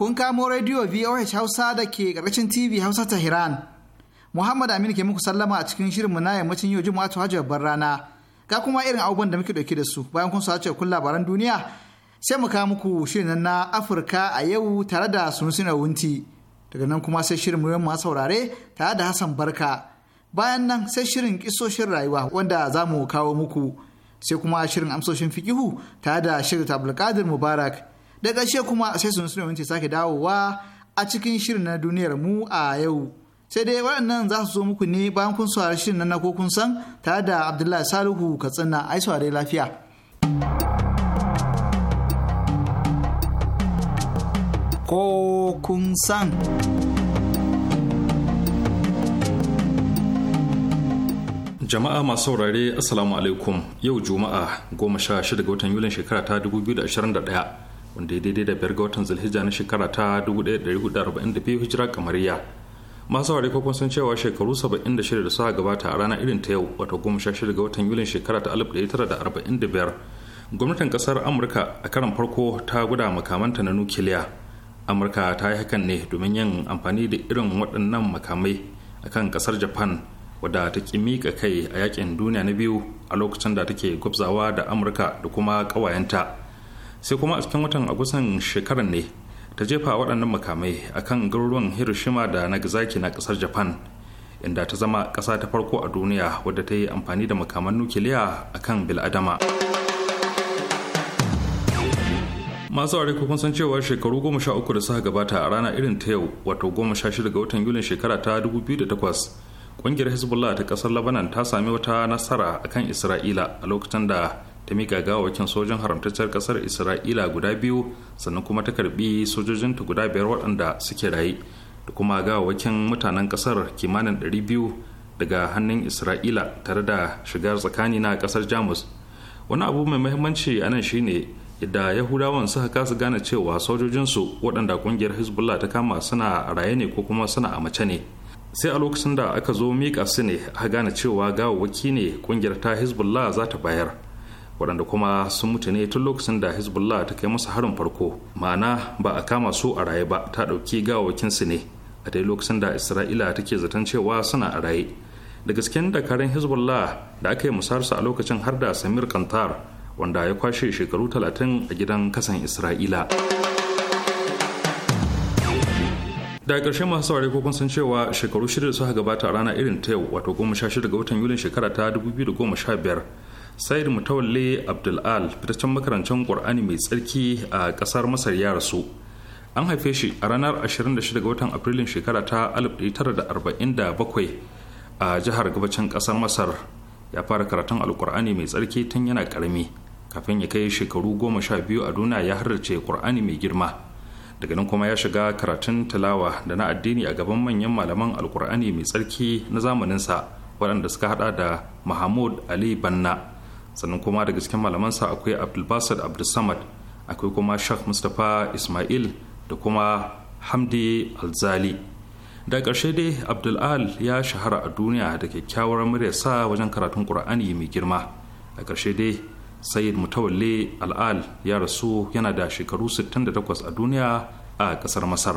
kun kamo rediyo VOH Hausa da ke ƙarƙashin TV Hausa ta Iran. Muhammad Aminu ke muku sallama a cikin shirin na yammacin yau Juma'a ta Babbar rana. Ga kuma irin abubuwan da muke ɗauke da su bayan kun sace kun labaran duniya sai mu kawo muku shirin na Afirka a yau tare da Sunusi Wunti. Daga nan kuma sai shirin muyan masu saurare tare da Hassan Barka. Bayan nan sai shirin kisoshin rayuwa wanda za mu kawo muku. Sai kuma shirin amsoshin fikihu tare da Shirin Abdulkadir Mubarak. da ƙarshe kuma sai sun suna minti sake dawowa a cikin shirin na duniyar mu a yau sai dai waɗannan za su zo muku ne bayan kun saurari shirin na ko kun san tare da abdullahi salihu katsina ai saurari lafiya ko kun san jama'a masu saurare assalamu alaikum yau juma'a 16 ga watan yulin shekara ta 2021 wanda ya daidai da biyar ga watan zulhijja na shekara ta 1442 hijira kamariya masu ware kokon sun cewa shekaru 76 da suka gabata a rana irin ta yau sha 16 ga watan yulin shekara ta 1945 gwamnatin kasar amurka a karan farko ta guda makamanta na nukiliya amurka ta yi hakan ne domin yin amfani da irin waɗannan makamai a kan kasar japan wadda ta ki miƙa kai a yakin duniya na biyu a lokacin da take gwabzawa da amurka da kuma ƙawayenta sai kuma a cikin watan agusan shekarar ne ta jefa waɗannan makamai akan garuruwan hiroshima da nagasaki na ƙasar japan inda ta zama ƙasa ta farko a duniya wadda ta yi amfani da makaman nukiliya a kan biladama masu aure kun san cewa shekaru goma sha uku da suka gabata a rana irin ta yau wato goma sha shida ga watan yulin shekara ta 2008 ƙungiyar hezbollah ta ƙasar labanan ta sami wata nasara akan isra'ila a lokacin da ta miƙa gawawakin sojin haramtaccen kasar isra'ila guda biyu sannan kuma ta karbi sojojinta guda biyar waɗanda suke raye da kuma gawawakin mutanen ƙasar kimanin 200 daga hannun isra'ila tare da shigar tsakani na kasar jamus wani abu mai muhimmanci a nan shine da yahudawan suka kasa gane cewa sojojinsu waɗanda ƙungiyar hezbollah ta kama suna raye ne ko kuma suna a mace ne sai a lokacin da aka zo mika su ne aka gane cewa gawawwaki ne ƙungiyar ta hezbollah za ta bayar waɗanda kuma sun mutu ne tun lokacin da hezbollah ta kai masa harin farko ma'ana ba a kama su a raye ba ta ɗauki su ne a dai lokacin da isra'ila take zaton cewa suna a raye da gasken dakarun hezbollah da aka yi su a lokacin har da samir kantar wanda ya kwashe shekaru 30 a gidan kasan isra'ila da ƙarshe masu saurari ko kun san cewa shekaru shida da suka gabata a rana irin ta yau wato goma sha shida ga watan yulin shekara ta 2015 said mutawalle abdul'al fitaccen makarancin ƙur'ani mai tsarki a ƙasar masar ya rasu an haife shi a ranar 26 ga watan afrilun shekara ta 1947 a jihar gabacin ƙasar masar ya fara karatun alƙur'ani mai tsarki tun yana ƙarami kafin ya kai shekaru goma sha biyu a duniya ya harrace ƙur'ani mai girma daga nan kuma ya shiga karatun Talawa da na addini a gaban manyan malaman alƙur'ani mai tsarki na zamaninsa waɗanda suka hada da mahmud ali banna sannan kuma daga cikin malamansa akwai abdulbasir abdulsamad akwai kuma Sheikh mustapha ismail da kuma hamdi alzali da ƙarshe dai Abdul Al ya shahara a duniya da kyakkyawar muryarsa wajen karatun ƙur'ani mai girma a ƙarshe dai sayid mutawalle al'al ya rasu yana da shekaru 68 a duniya a ƙasar masar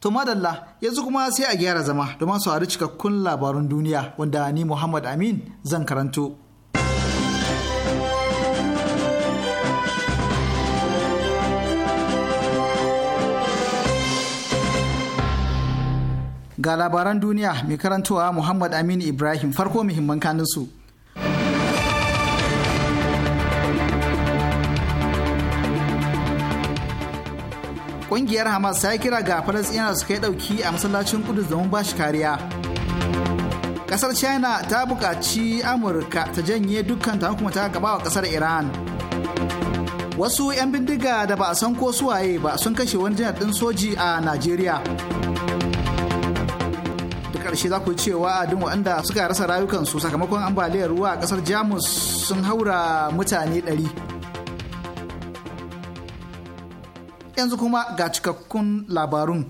To madalla yanzu kuma sai a gyara zama domin saurari cikakkun labarun duniya wanda ni Muhammad Amin zan karanto. Ga labaran duniya mai karantowa Muhammad Amin Ibrahim farko muhimman kanunsu. Kungiyar Hamas ta kira ga Falasɗinawa su kai ɗauki a masallacin Kudus don ba shi kariya. Ƙasar China ta buƙaci Amurka ta janye dukkan hukuma ta gaba wa ƙasar Iran. Wasu 'yan bindiga da ba a san ko suwaye ba sun kashe wani janar ɗin soji a Najeriya. Da ƙarshe za ku cewa a dun waɗanda suka rasa rayukansu sakamakon ambaliyar ruwa a ƙasar Jamus sun haura mutane ɗari. yanzu kuma ga cikakkun labarun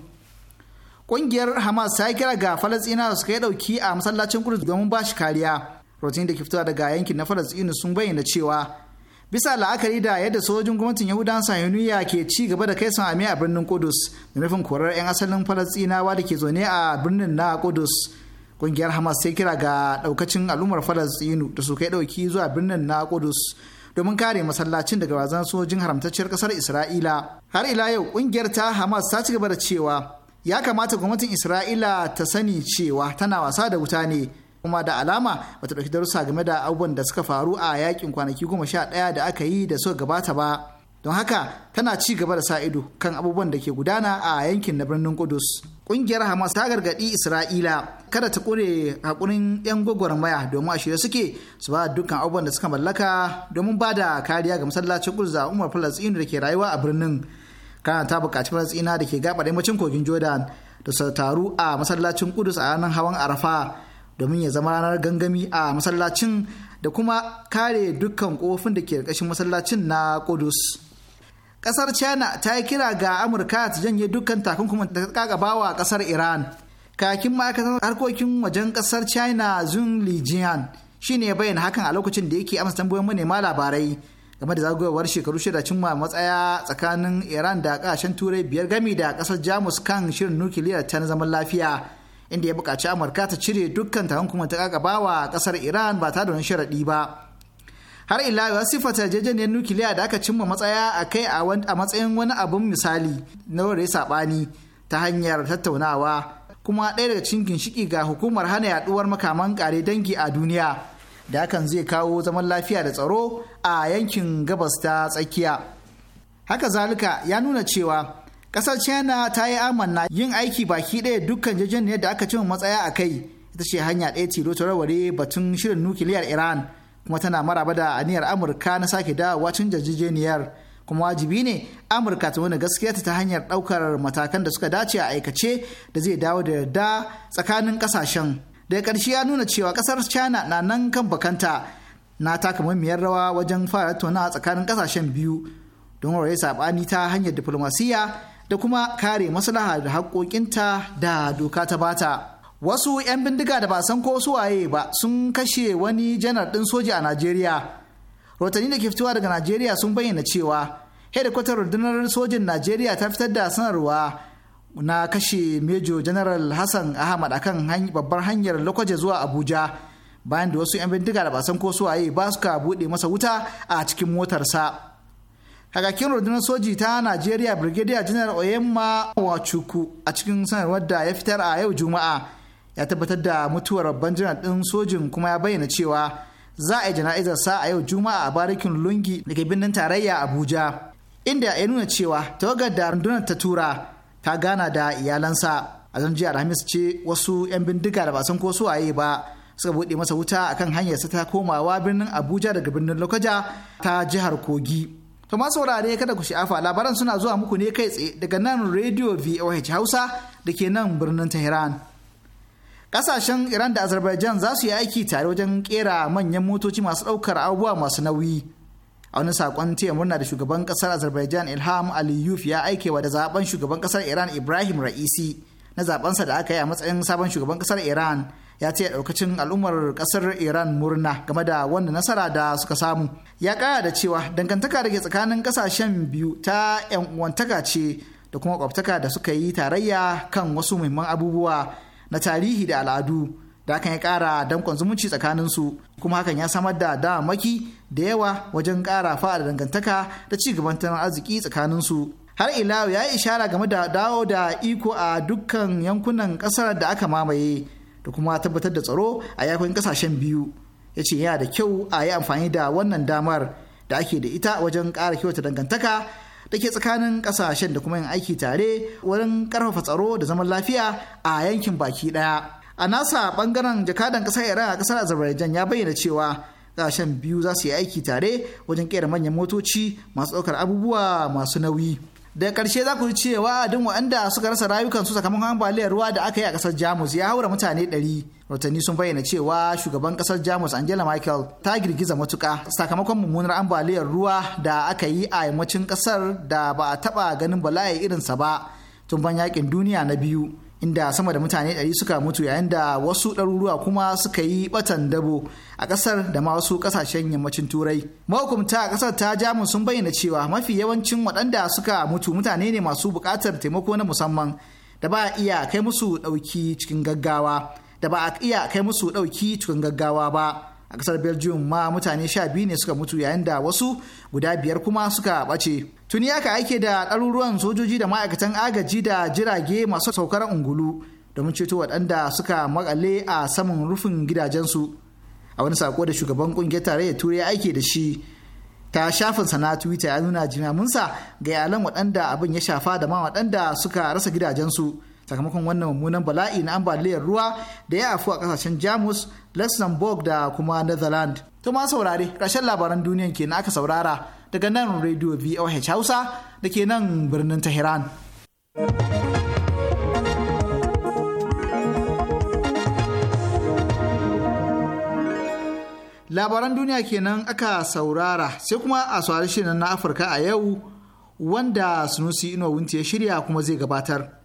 ƙungiyar hamas ta yi kira ga da su kai ɗauki a masallacin kudus domin ba shi kariya rotin da ke fitowa daga yankin na falasɗinu sun bayyana cewa bisa la'akari da yadda sojojin gwamnatin yahudan sahiyuniya ke ci gaba da kai sami a birnin kudus da nufin korar 'yan asalin falasɗinawa da ke zaune a birnin na kudus kungiyar hamas sai kira ga ɗaukacin al'ummar falasɗinu da su kai dauki zuwa birnin na kudus domin kare masallacin daga bazan sojin haramtacciyar kasar Isra'ila. Har ila yau kungiyar ta Hamas ta ci gaba da cewa ya kamata gwamnatin Isra'ila ta sani cewa tana wasa da wuta ne kuma da alama bata ɗauki darussa game da abubuwan da suka faru a yakin kwanaki goma sha ɗaya da aka yi da suka gabata ba. don haka tana ci gaba da sa ido kan abubuwan da ke gudana a yankin na birnin kudus ƙungiyar hamas ta gargaɗi isra'ila kada ta ƙure haƙurin 'yan gwagwarmaya domin a shirye suke su ba dukkan abubuwan da suka mallaka domin ba da kariya ga masallacin kudus a umar falastinu da ke rayuwa a birnin kana ta buƙaci falasina da ke gaɓar yammacin kogin jordan da su taru a masallacin kudus a ranar hawan arafa domin ya zama ranar gangami a masallacin da kuma kare dukkan kofin da ke ƙarƙashin masallacin na kudus. kasar china ta yi kira ga amurka ta janye dukkan takunkumin da ta kakabawa kasar iran kakin ma'aikatar harkokin wajen kasar china zun lijian shine ne bayyana hakan a lokacin da yake amsa tambayoyin manema labarai game da zagayowar shekaru shida cimma matsaya tsakanin iran da kasashen turai biyar gami da kasar jamus kan shirin nukiliyar ta na zaman lafiya inda ya buƙaci amurka ta cire dukkan takunkumin ta kakabawa kasar iran ba ta da wani sharaɗi ba har ila yau siffata yarjejeniyar nukiliya da aka cimma matsaya a kai a matsayin wani abun misali na wurare saɓani ta hanyar tattaunawa kuma ɗaya daga cikin ginshiki ga hukumar hana yaduwar makaman kare dangi a duniya da hakan zai kawo zaman lafiya da tsaro a yankin gabas ta tsakiya haka zalika ya nuna cewa ƙasar china ta yi amanna yin aiki baki ɗaya dukkan jajeniyar da aka cimma matsaya a kai ita ce hanya ɗaya tilo ta rawar batun shirin nukiliyar iran kuma tana maraba da aniyar amurka na sake dawowa cikin yarjejeniyar kuma wajibi ne amurka ta wani gaskiya ta hanyar ɗaukar matakan da suka dace a aikace da zai dawo da yarda tsakanin ƙasashen daga ƙarshe ya nuna cewa ƙasar china na nan kan bakanta na taka muhimmiyar rawa wajen fara tattaunawa tsakanin ƙasashen biyu don ware saɓani ta hanyar diflomasiyya da kuma kare maslaha da haƙoƙinta da doka ta bata. wasu 'yan bindiga da ba san ko su waye ba sun kashe wani janar ɗin soja a najeriya rotanni da ke fitowa daga najeriya sun bayyana cewa hedikwatar rundunar sojin najeriya ta fitar da sanarwa na kashe mejo janaral hassan ahmad akan babbar hanyar lokaje zuwa abuja bayan da wasu 'yan bindiga da ba san ko su waye ba suka buɗe masa wuta a cikin motarsa hakakin rundunar soji ta najeriya brigadier general oyemma wachuku a cikin sanarwar da ya fitar a yau juma'a ya tabbatar da mutuwar babban jiran ɗin sojin kuma ya bayyana cewa za a yi jana'izar sa a yau juma'a a barikin lungi daga birnin tarayya abuja inda ya nuna cewa tawagar da rundunar ta tura ta gana da iyalansa a zan jiya alhamis ce wasu 'yan bindiga da ba san ko suwaye ba suka buɗe masa wuta a akan hanyarsa ta komawa birnin abuja daga birnin lokaja ta jihar kogi To ma saurare kada ku sha'afa labaran suna zuwa muku ne kai tsaye daga nan Radio VOH Hausa da ke nan birnin Tehran. kasashen iran da azerbaijan za su yi aiki tare wajen kera manyan motoci masu daukar abubuwa masu nauyi a wani sakon taya murna da shugaban ƙasar azerbaijan ilham aliyuf ya aikewa da zaben shugaban ƙasar iran ibrahim ra'isi na zabensa da aka yi a matsayin sabon shugaban ƙasar iran ya ce daukacin al'ummar ƙasar iran murna game da wanda nasara da suka samu ya kara da cewa dangantaka da ke tsakanin ƙasashen biyu ta yan uwantaka ce da kuma kwabtaka da suka yi tarayya kan wasu muhimman abubuwa na tarihi da al'adu da hakan ya kara dankon zumunci tsakanin su kuma hakan ya samar da damaki da yawa wajen kara fa'a dangantaka da ci gaban tattalin arziki tsakanin su har ila ya yi ishara game da dawo da iko a dukkan yankunan kasar da aka mamaye da kuma tabbatar da tsaro a yakun kasashen biyu ya ce yana da kyau a yi amfani da wannan damar da ake da ita wajen kara kyauta dangantaka da ke tsakanin kasashen da kuma yin aiki tare wurin karfafa tsaro da zaman lafiya a yankin baki daya a nasa bangaren jakadan kasar iran a kasar azerbaijan ya bayyana cewa kasashen biyu za su yi aiki tare wajen kera manyan motoci masu ɗaukar abubuwa masu nauyi da karshe za ku ji cewa duk waɗanda suka rasa rayukansu sakamakon ambaliyar ruwa da aka yi a ƙasar jamus ya haura mutane ɗari watanni sun bayyana cewa shugaban ƙasar jamus angela michael ta girgiza matuka sakamakon mummunar ambaliyar ruwa da aka yi a yammacin ƙasar da ba a taɓa ganin bala'i irinsa ba tun ban yakin duniya na biyu inda sama da mutane 100 suka mutu yayin da wasu ɗaruruwa kuma suka yi batan dabo a ƙasar da ma wasu ƙasashen yammacin turai mahukumta a ƙasar ta jamus sun bayyana cewa mafi yawancin waɗanda suka mutu mutane ne masu buƙatar taimako na musamman da ba a iya kai musu ɗauki cikin gaggawa da ba a iya kai musu ɗauki cikin gaggawa ba a kasar belgium ma mutane sha biyu ne suka mutu yayin da wasu guda biyar kuma suka ɓace tuni aka aike da ɗaruruwan sojoji da ma'aikatan agaji da jirage masu saukar ungulu domin ceto waɗanda suka makale a saman rufin gidajensu a wani sako da shugaban ƙungiyar tarayyar turai aike da shi ta shafin na twitter ya nuna jimaminsa ga iyalan waɗanda abin ya shafa da ma waɗanda suka rasa gidajensu sakamakon wannan mummunan bala'i na ambaliyar ruwa da ya afu a kasashen jamus luxembourg da kuma netherland to ma saurare ƙarshen labaran duniyan kenan aka saurara daga nan radio voh hausa da ke nan birnin tehran labaran duniya kenan aka saurara sai kuma a saurari shirin na afirka a yau wanda sunusi inuwa ya shirya kuma zai gabatar.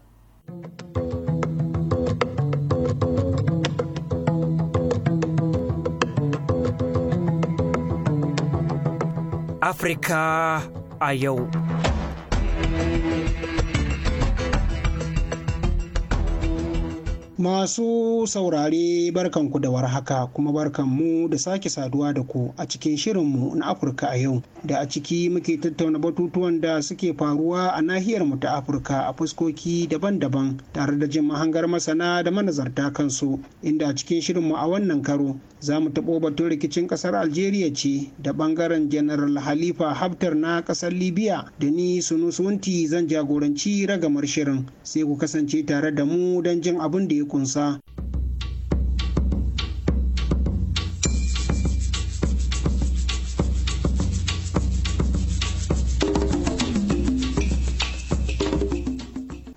Afirka a yau. Masu saurare barkanku da warhaka kuma barkanmu da sake saduwa da ku a cikin shirinmu na Afirka a yau da a ciki muke tattauna batutuwan da suke faruwa a nahiyar mu ta Afirka a fuskoki daban-daban tare da jin mahangar masana da manazarta kansu inda a cikin shirinmu a wannan karo za mu taɓo batun rikicin ƙasar Algeria ce da ɓangaren General Halifa Haftar na ƙasar Libya da ni Sunusunti zan jagoranci ragamar shirin sai ku kasance tare da mu don jin abin da ya ya kunsa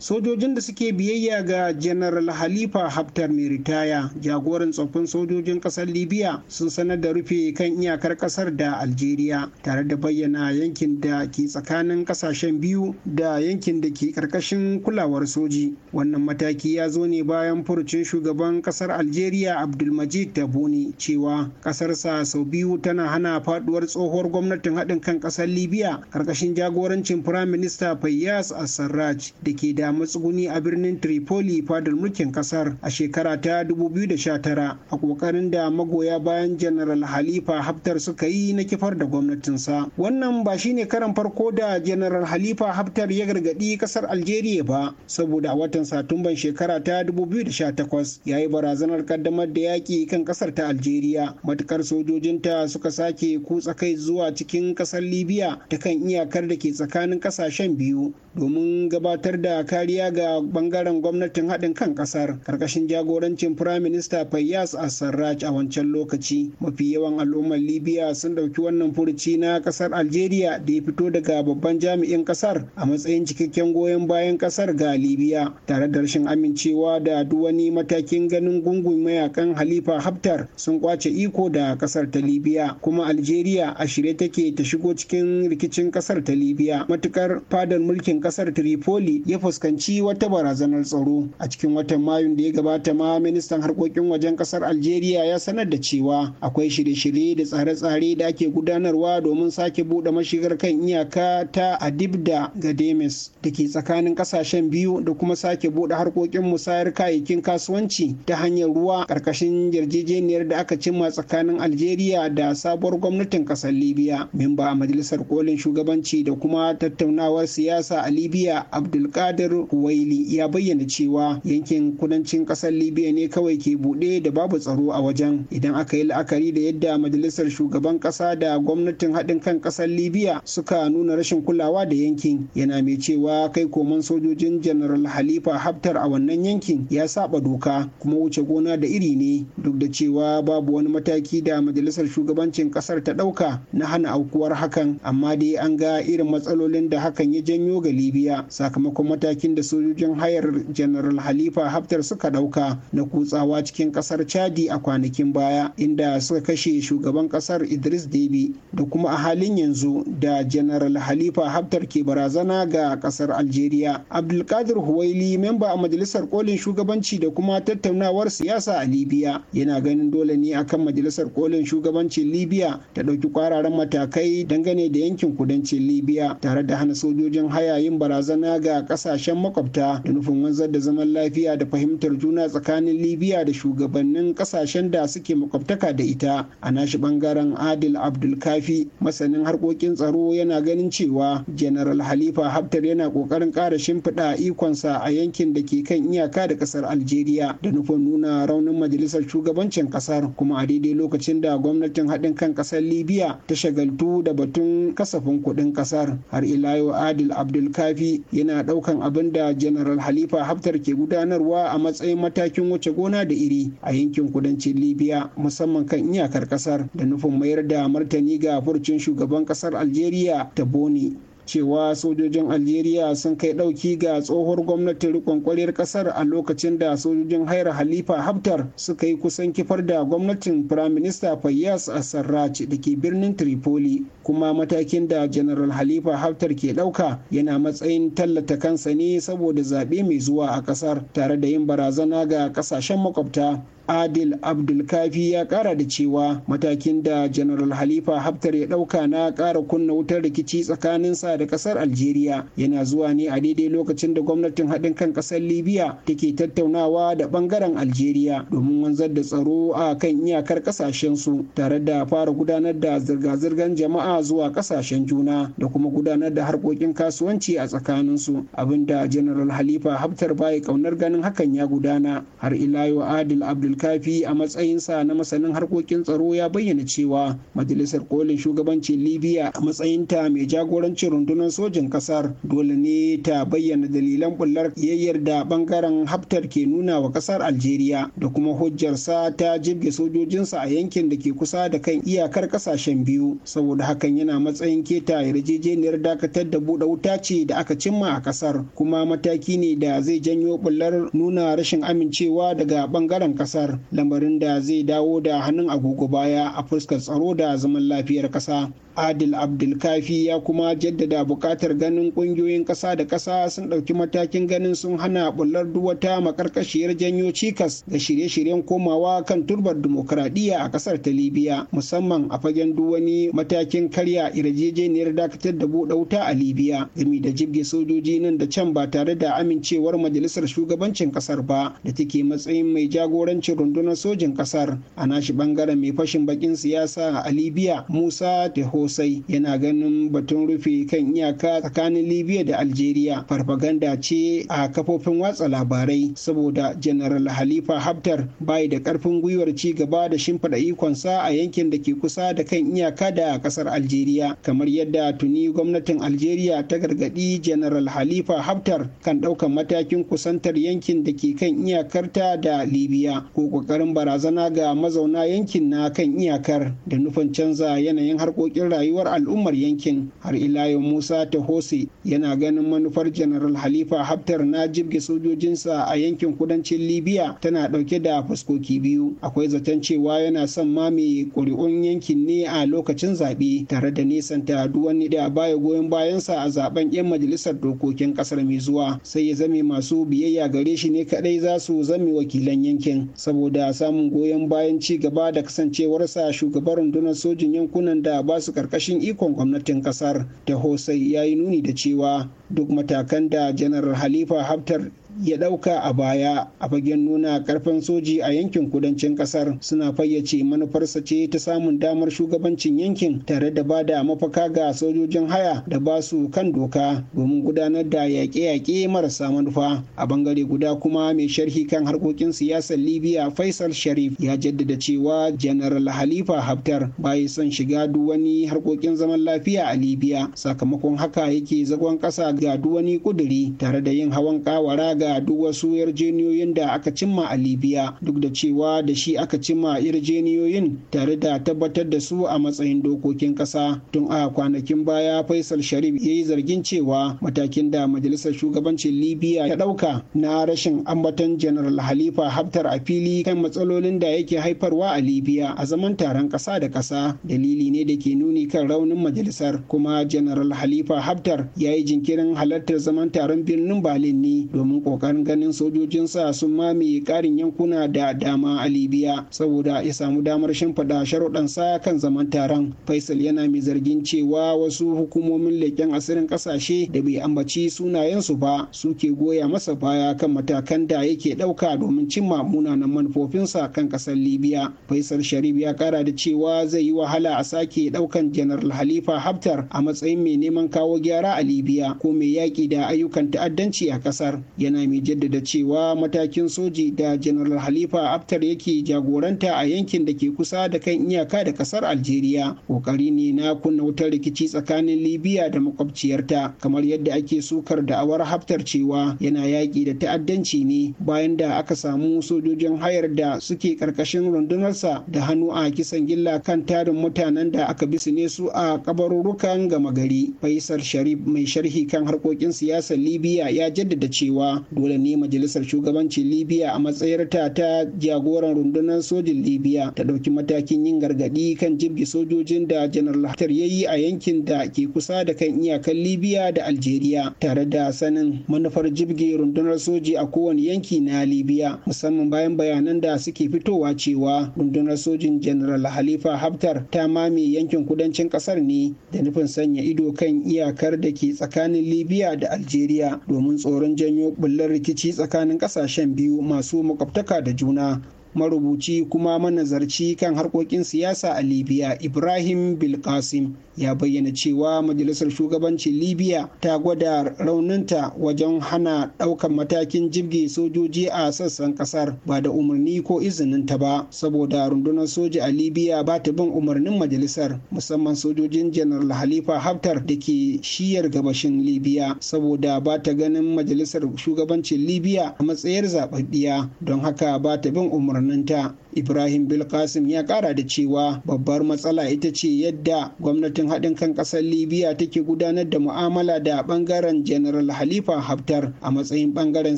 sojojin da suke biyayya ga general halifa haftar mai ritaya jagoran tsoffin sojojin kasar libya sun sanar da rufe kan iyakar kasar da algeria tare da bayyana yankin da ke tsakanin kasashen biyu da yankin da ke karkashin kulawar soji wannan mataki ya zo ne bayan furucin shugaban kasar algeria abdulmajid tabone cewa kasarsa sau biyu tana hana faduwar tsohuwar gwamnatin haɗin kan kasar libya karkashin jagorancin firaminista fayyas assarraj da ke da matsuguni a birnin tripoli fadar mulkin kasar a shekara ta 2019 a kokarin da magoya bayan general halifa haftar suka yi na kifar da gwamnatinsa wannan ba shine karan farko da general halifa haftar ya gargadi kasar algeria ba saboda watan satumban shekara ta 2018 ya yi barazanar kaddamar da yaƙi kan kasar ta algeria matukar sojojinta suka sake kutsa kai zuwa cikin kasar libya ta kan iyakar da ke tsakanin ƙasashen biyu domin gabatar da kare kariya ga bangaren gwamnatin haɗin kan ƙasar karkashin jagorancin firaminista minista a Sarraj a wancan lokaci mafi yawan al'ummar libya sun ɗauki wannan furuci na ƙasar algeria da ya fito daga babban jami'in ƙasar a matsayin cikakken goyon bayan ƙasar ga libya tare da rashin amincewa da duk wani matakin ganin gungun mayakan halifa haftar sun kwace iko da ƙasar ta libya kuma algeria a shirye take ta shigo cikin rikicin ƙasar ta libya matukar fadar mulkin ƙasar tripoli ya fuskanci fuskanci wata barazanar tsaro a cikin watan mayun da ya gabata ma ministan harkokin wajen kasar algeria ya sanar da cewa akwai shirye-shirye da tsare-tsare da ake gudanarwa domin sake buɗe mashigar kan iyaka ta adibda ga demes da ke tsakanin kasashen biyu da kuma sake buɗe harkokin musayar kayayyakin kasuwanci ta hanyar ruwa ƙarƙashin yarjejeniyar da aka cimma tsakanin algeria da sabuwar gwamnatin kasar libya memba a majalisar kolin shugabanci da kuma tattaunawar siyasa a libya abdulkadir Kuwaili ya bayyana cewa yankin kudancin kasar Libya ne kawai ke buɗe da babu tsaro a wajen idan aka yi la'akari da yadda majalisar shugaban ƙasa da gwamnatin haɗin kan ƙasar Libya suka nuna rashin kulawa da yankin yana mai cewa kai koman sojojin General Halifa Haftar a wannan yankin ya saba doka kuma wuce gona da iri ne duk da cewa babu wani mataki da majalisar shugabancin ƙasar ta ɗauka na hana aukuwar hakan amma dai an ga irin matsalolin da hakan ya janyo ga Libya sakamakon matakin da sojojin hayar general halifa haftar suka dauka na kutsawa cikin kasar chadi a kwanakin baya inda suka kashe shugaban kasar idris debi da kuma a halin yanzu da general halifa haftar ke barazana ga kasar algeria abdulkadir huwaili memba a majalisar kolin shugabanci da kuma tattaunawar siyasa a libya yana ganin dole ne akan majalisar kolin shugabancin libya ta ɗauki kwararan matakai dangane da yankin kudancin libya tare da hana sojojin haya yin barazana ga kasashen makwabta da nufin wanzar da zaman lafiya da fahimtar juna tsakanin libya da shugabannin kasashen da suke makwabtaka da ita a nashi bangaren adil abdul kafi masanin harkokin tsaro yana ganin cewa general halifa haftar yana kokarin kara shimfiɗa ikonsa a yankin da ke kan iyaka da kasar algeria da nufin nuna raunin majalisar shugabancin kasar kuma a daidai lokacin da gwamnatin haɗin kan kasar libya ta shagaltu da batun kasafin kuɗin kasar har ila yau adil abdul kafi yana ɗaukan abin taron da General Halifa Haftar ke gudanarwa a matsayin matakin wuce gona da iri a yankin kudancin Libya musamman kan iyakar kasar da nufin mayar da martani ga furcin shugaban kasar Algeria ta Boni cewa sojojin algeria sun kai ɗauki ga tsohuwar gwamnatin rikon kwarar ƙasar a lokacin da sojojin hayar halifa haftar suka yi kusan kifar da gwamnatin firaminista fayyas a sarraj da ke birnin tripoli kuma matakin da general halifa haftar ke ɗauka yana matsayin tallata kansa ne saboda zaɓe mai zuwa a ƙasar tare da yin barazana ga ƙasashen makwabta adil abdulkafi ya kara da cewa matakin da general halifa haftar ya dauka na kara kunna wutar rikici tsakaninsa da kasar algeria yana zuwa ne a daidai lokacin da gwamnatin haɗin kan kasar libya take tattaunawa da bangaren algeria domin wanzar da tsaro a kan iyakar ƙasashensu tare da fara gudanar da zirga-zirgar jama'a zuwa kasashen juna da kuma gudanar da harkokin kasuwanci a tsakaninsu abinda general halifa haftar bai kaunar ganin hakan ya gudana har ila yau adil abdul kafi a matsayinsa na masanin harkokin tsaro ya bayyana cewa majalisar kolin shugabancin libya a matsayinta mai jagorancin rundunar sojin kasar dole ne ta bayyana dalilan bullar yayyar da bangaren haftar ke nuna wa kasar algeria da kuma hujjarsa ta jirge sojojinsa a yankin da ke kusa da kan iyakar kasashen biyu saboda hakan yana matsayin keta yarjejeniyar dakatar da buɗe wuta ce da aka cimma a kasar kuma mataki ne da zai janyo bullar nuna rashin amincewa daga bangaren kasar kasar lamarin da zai dawo da hannun agogo baya a fuskar tsaro da zaman lafiyar kasa adil abdulkafi ya kuma jaddada buƙatar ganin ƙungiyoyin ƙasa da ƙasa sun ɗauki matakin ganin sun hana bullar duk wata makarkashiyar janyo cikas ga shirye-shiryen komawa kan turbar dimokuraɗiyya a ƙasar ta libya musamman a fagen duk wani matakin karya yarjejeniyar dakatar da buɗe wuta a libya gami da jibge sojoji nan da can ba tare da amincewar majalisar shugabancin ƙasar ba da take matsayin mai jagorancin rundunar sojin ƙasar a nashi ɓangaren mai fashin bakin siyasa a libya musa teho sosai yana ganin batun rufe kan iyaka tsakanin libya da algeria farfaganda ce a kafofin watsa labarai saboda general halifa haftar bai da karfin gwiwar ci gaba da shimfiɗa ikonsa a yankin da ke kusa da kan iyaka da kasar algeria kamar yadda tuni gwamnatin algeria ta gargaɗi general halifa haftar kan ɗaukan matakin kusantar yankin da ke kan iyakarta da libya ko ƙoƙarin barazana ga mazauna yankin na kan iyakar da nufin canza yanayin harkokin rayuwar al'ummar yankin har ila yau musa tahose yana ganin manufar general halifa haftar na jibge sojojinsa a yankin kudancin libya tana dauke da fuskoki biyu akwai zaton cewa yana son mame ƙuri'un yankin ne a lokacin zaɓe tare da nesanta duk wani da baya goyon bayansa a zaben 'yan majalisar dokokin kasar mai zuwa sai ya zame masu biyayya gare shi ne kadai za su zame wakilan yankin saboda samun goyon bayan ci gaba da kasancewarsa shugaban rundunar sojin yankunan da ba su karkashin ikon gwamnatin kasar da hosai ya yi nuni da cewa duk matakan da janar halifa haftar ya ɗauka a baya a fagen nuna ƙarfin soji a yankin kudancin ƙasar suna fayyace manufarsa ce ta samun damar shugabancin yankin tare da ba da mafaka ga sojojin haya da ba su kan doka domin gudanar da yaƙe-yaƙe marasa manufa a bangare guda kuma mai sharhi kan harkokin siyasar libya faisal sharif ya jaddada cewa general halifa haftar bai son shiga duk wani harkokin zaman lafiya a libya sakamakon haka yake zagon ƙasa ga duk wani kuduri tare da yin hawan kawara ga ga duk wasu yarjeniyoyin da aka cimma a libya duk da cewa da shi aka cimma yarjeniyoyin tare da tabbatar da su a matsayin dokokin kasa tun a kwanakin baya faisal sharif ya yi zargin cewa matakin da majalisar shugabancin libya ya dauka? na rashin ambaton general halifa haftar a fili kan matsalolin da yake haifarwa a libya a zaman taron kasa da kasa dalili ne da ke nuni kan raunin majalisar kuma general halifa haftar ya yi jinkirin halartar zaman taron birnin berlin ne domin kokarin ganin sojojinsa sun mamaye karin yankuna da dama a libya saboda ya samu damar shimfiɗa sharuɗansa kan zaman taron faisal yana mai zargin cewa wasu hukumomin leƙen asirin ƙasashe da bai ambaci sunayensu ba su ke goya masa baya kan matakan da yake ɗauka domin cimma munanan manufofinsa kan ƙasar libya faisal sharif ya kara da cewa zai yi wahala a sake ɗaukan janaral halifa haftar a matsayin mai neman kawo gyara a libya ko mai yaƙi da ayyukan ta'addanci a ƙasar yana yana mai jaddada cewa matakin soji da janar halifa abtar yake jagoranta a yankin da ke kusa da kan iyaka da kasar algeria kokari ne na kunna wutar rikici tsakanin libya da makwabciyarta kamar yadda ake sukar da awar haftar cewa yana yaƙi da ta'addanci ne bayan da aka samu sojojin hayar da suke ƙarƙashin rundunarsa da hannu a kisan gilla kan tarin mutanen da aka bi su ne su a kabarurukan gama gari faisal sharif mai sharhi kan harkokin siyasar libya ya jaddada cewa dole ne majalisar shugabancin libya a matsayarta ta jagoran rundunar sojin libya ta dauki matakin yin gargadi kan jirgi sojojin da janar haftar ya yi a yankin da ke kusa da kan iyakar libya da algeria tare da sanin manufar jirgi rundunar soji a kowane yanki na libya musamman bayan bayanan da suke fitowa cewa rundunar sojin janar halifa haftar ta mame yankin kudancin kasar ne da nufin sanya ido kan iyakar da ke tsakanin libya da algeria domin tsoron janyo bullar rikici tsakanin ƙasashen biyu masu makwabtaka da juna marubuci kuma manazarci kan harkokin siyasa a libya ibrahim bilkasim ya bayyana cewa majalisar shugabancin libya ta gwada rauninta wajen hana ɗaukan matakin jibge sojoji a sassan ƙasar ba da umarni ko izinin ta ba saboda rundunar soja a libya ba ta bin umarnin majalisar musamman sojojin janar halifa haftar da ke shiyar gabashin libya saboda ba ta ganin majalisar shugabancin libya a matsayar zababbiya don haka ba ta bin umarnin birninta ibrahim bilkasim ya kara da cewa babbar matsala ita ce yadda gwamnatin haɗin kan ƙasar libya take gudanar da mu'amala da ɓangaren general halifa haftar a matsayin ɓangaren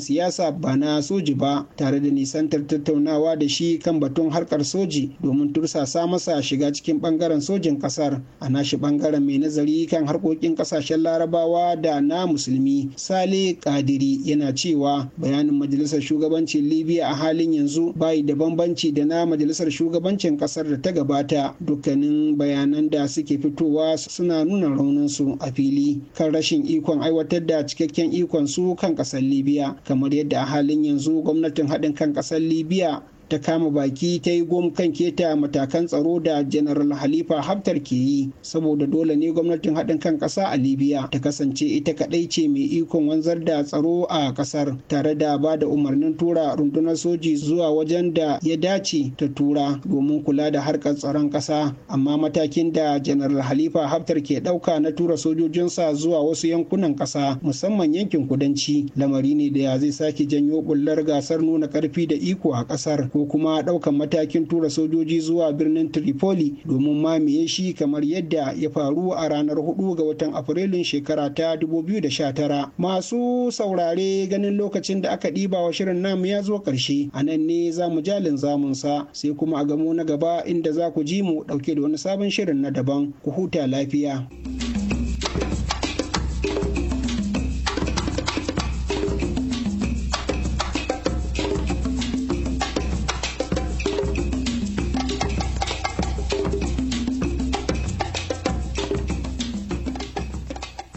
siyasa ba na soji ba tare da nisantar tattaunawa da shi kan batun harkar soji domin tursasa masa shiga cikin ɓangaren sojin ƙasar a nashi ɓangaren mai nazari kan harkokin ƙasashen larabawa da na musulmi sale kadiri yana cewa bayanin majalisar shugabancin libya a halin yanzu bai da bambanci da na majalisar shugabancin kasar da ta gabata dukkanin bayanan da suke fitowa suna nuna rauninsu a fili kan rashin ikon aiwatar da cikakken ikon su kan kasar libya kamar yadda a halin yanzu gwamnatin haɗin kan kasar libya ta kama baki ta yi gom kan keta matakan tsaro da janaral halifa haftar ke yi saboda dole ne gwamnatin haɗin kan ƙasa a libya ta kasance ita kaɗai ce mai ikon wanzar da tsaro a ƙasar tare da ba da umarnin tura rundunar soji zuwa wajen da ya dace ta tura domin kula da harkar tsaron ƙasa amma matakin da janaral halifa haftar ke ɗauka na tura sojojinsa zuwa wasu yankunan ƙasa musamman yankin kudanci lamari ne da ya zai sake janyo bullar gasar nuna ƙarfi da iko a ƙasar ko kuma ɗaukan matakin tura sojoji zuwa birnin Tripoli domin mamaye shi kamar yadda ya faru a ranar 4 ga watan Afrilun shekara ta 2019. Masu saurare ganin lokacin da aka ɗiba wa shirin namu ya zo ƙarshe, a nan ne za mu jalin zamunsa sai kuma a gamo na gaba inda za ku ji mu ɗauke da wani sabon shirin na daban ku huta lafiya.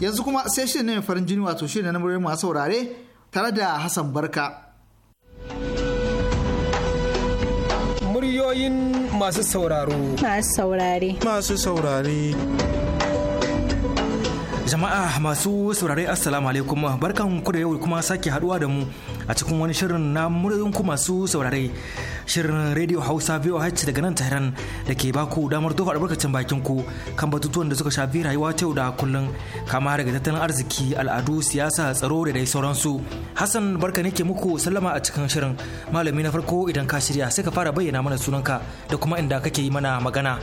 yanzu kuma sai shi ne farin jini wato shi ne na murin masu saurare tare da Hassan Barka. Muryoyin masu sauraro. Masu saurare. Masu saurare. Jama'a masu saurare Assalamu alaikum barkan ku da yau kuma sake haduwa da mu a cikin wani shirin na muryoyin ku masu saurare shirin Radio Hausa VOH daga nan Tehran da ke baku damar tofa albarkacin bakin ku kan batutuwan da suka shafi rayuwa ta yau da kullun kama daga tattalin arziki al'adu siyasa tsaro da dai sauransu. Hassan barka ne ke muku sallama a cikin shirin malami na farko idan ka shirya sai ka fara bayyana mana sunanka da kuma inda kake yi mana magana.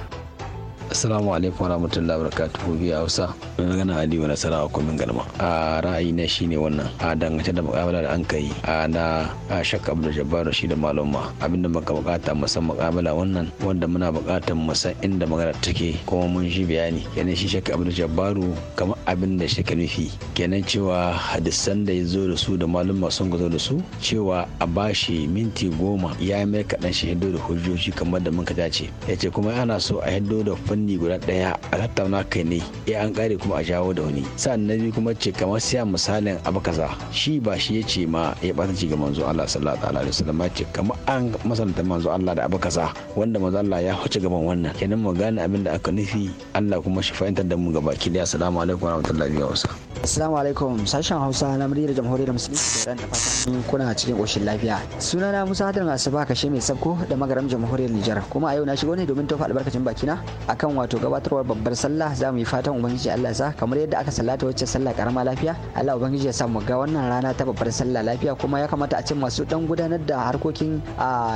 Assalamu alaikum warahmatullahi wabarakatuh biya Hausa. Mai magana wa Nasara a kumin galma. A ra'ayi na shine wannan a dangance da mu'amala da an kai a na shakka Abdul Jabbar shi da malama abinda muka bukata mu san mu'amala wannan wanda muna bukatan mu san inda magana take kuma mun shi bayani kenan shi shakka Abdul Jabbar kamar abinda shi ka nufi kenan cewa hadisan da ya zo da su da malama sun gazo da su cewa a bashi minti goma ya mai kaɗan shi hiddo da hujjoji kamar da muka dace ya ce kuma ana so a hiddo da fanni guda ɗaya a tattauna kai ne ya eh, an kare kuma a jawo da wani sa'an na biyu kuma ce kamar siya misalin abu kaza shi ba shi ya ce ma ya ɓata ga manzo Allah sallallahu alaihi wasallam ce kamar an masalta manzo Allah da abu kaza wanda manzo Allah ya huce gaban wannan kenan mu gane abin da aka nufi Allah kuma shi fahimtar da mu gaba ki da assalamu alaikum warahmatullahi wabarakatuh Assalamu alaikum sashen Hausa na muryar jamhuriyar musulunci da da fatan kuna cikin koshin lafiya. Sunana Musa Hadar Asuba kashe mai sabko da magaram jamhuriyar Nijar kuma a yau na shigo ne domin tofa albarkacin bakina akan kan wato gabatarwar babbar sallah za mu yi fatan ubangiji Allah sa kamar yadda aka sallata wacce sallah karama lafiya Allah ubangiji ya sa mu ga wannan rana ta babbar sallah lafiya kuma ya kamata a ce masu dan gudanar da harkokin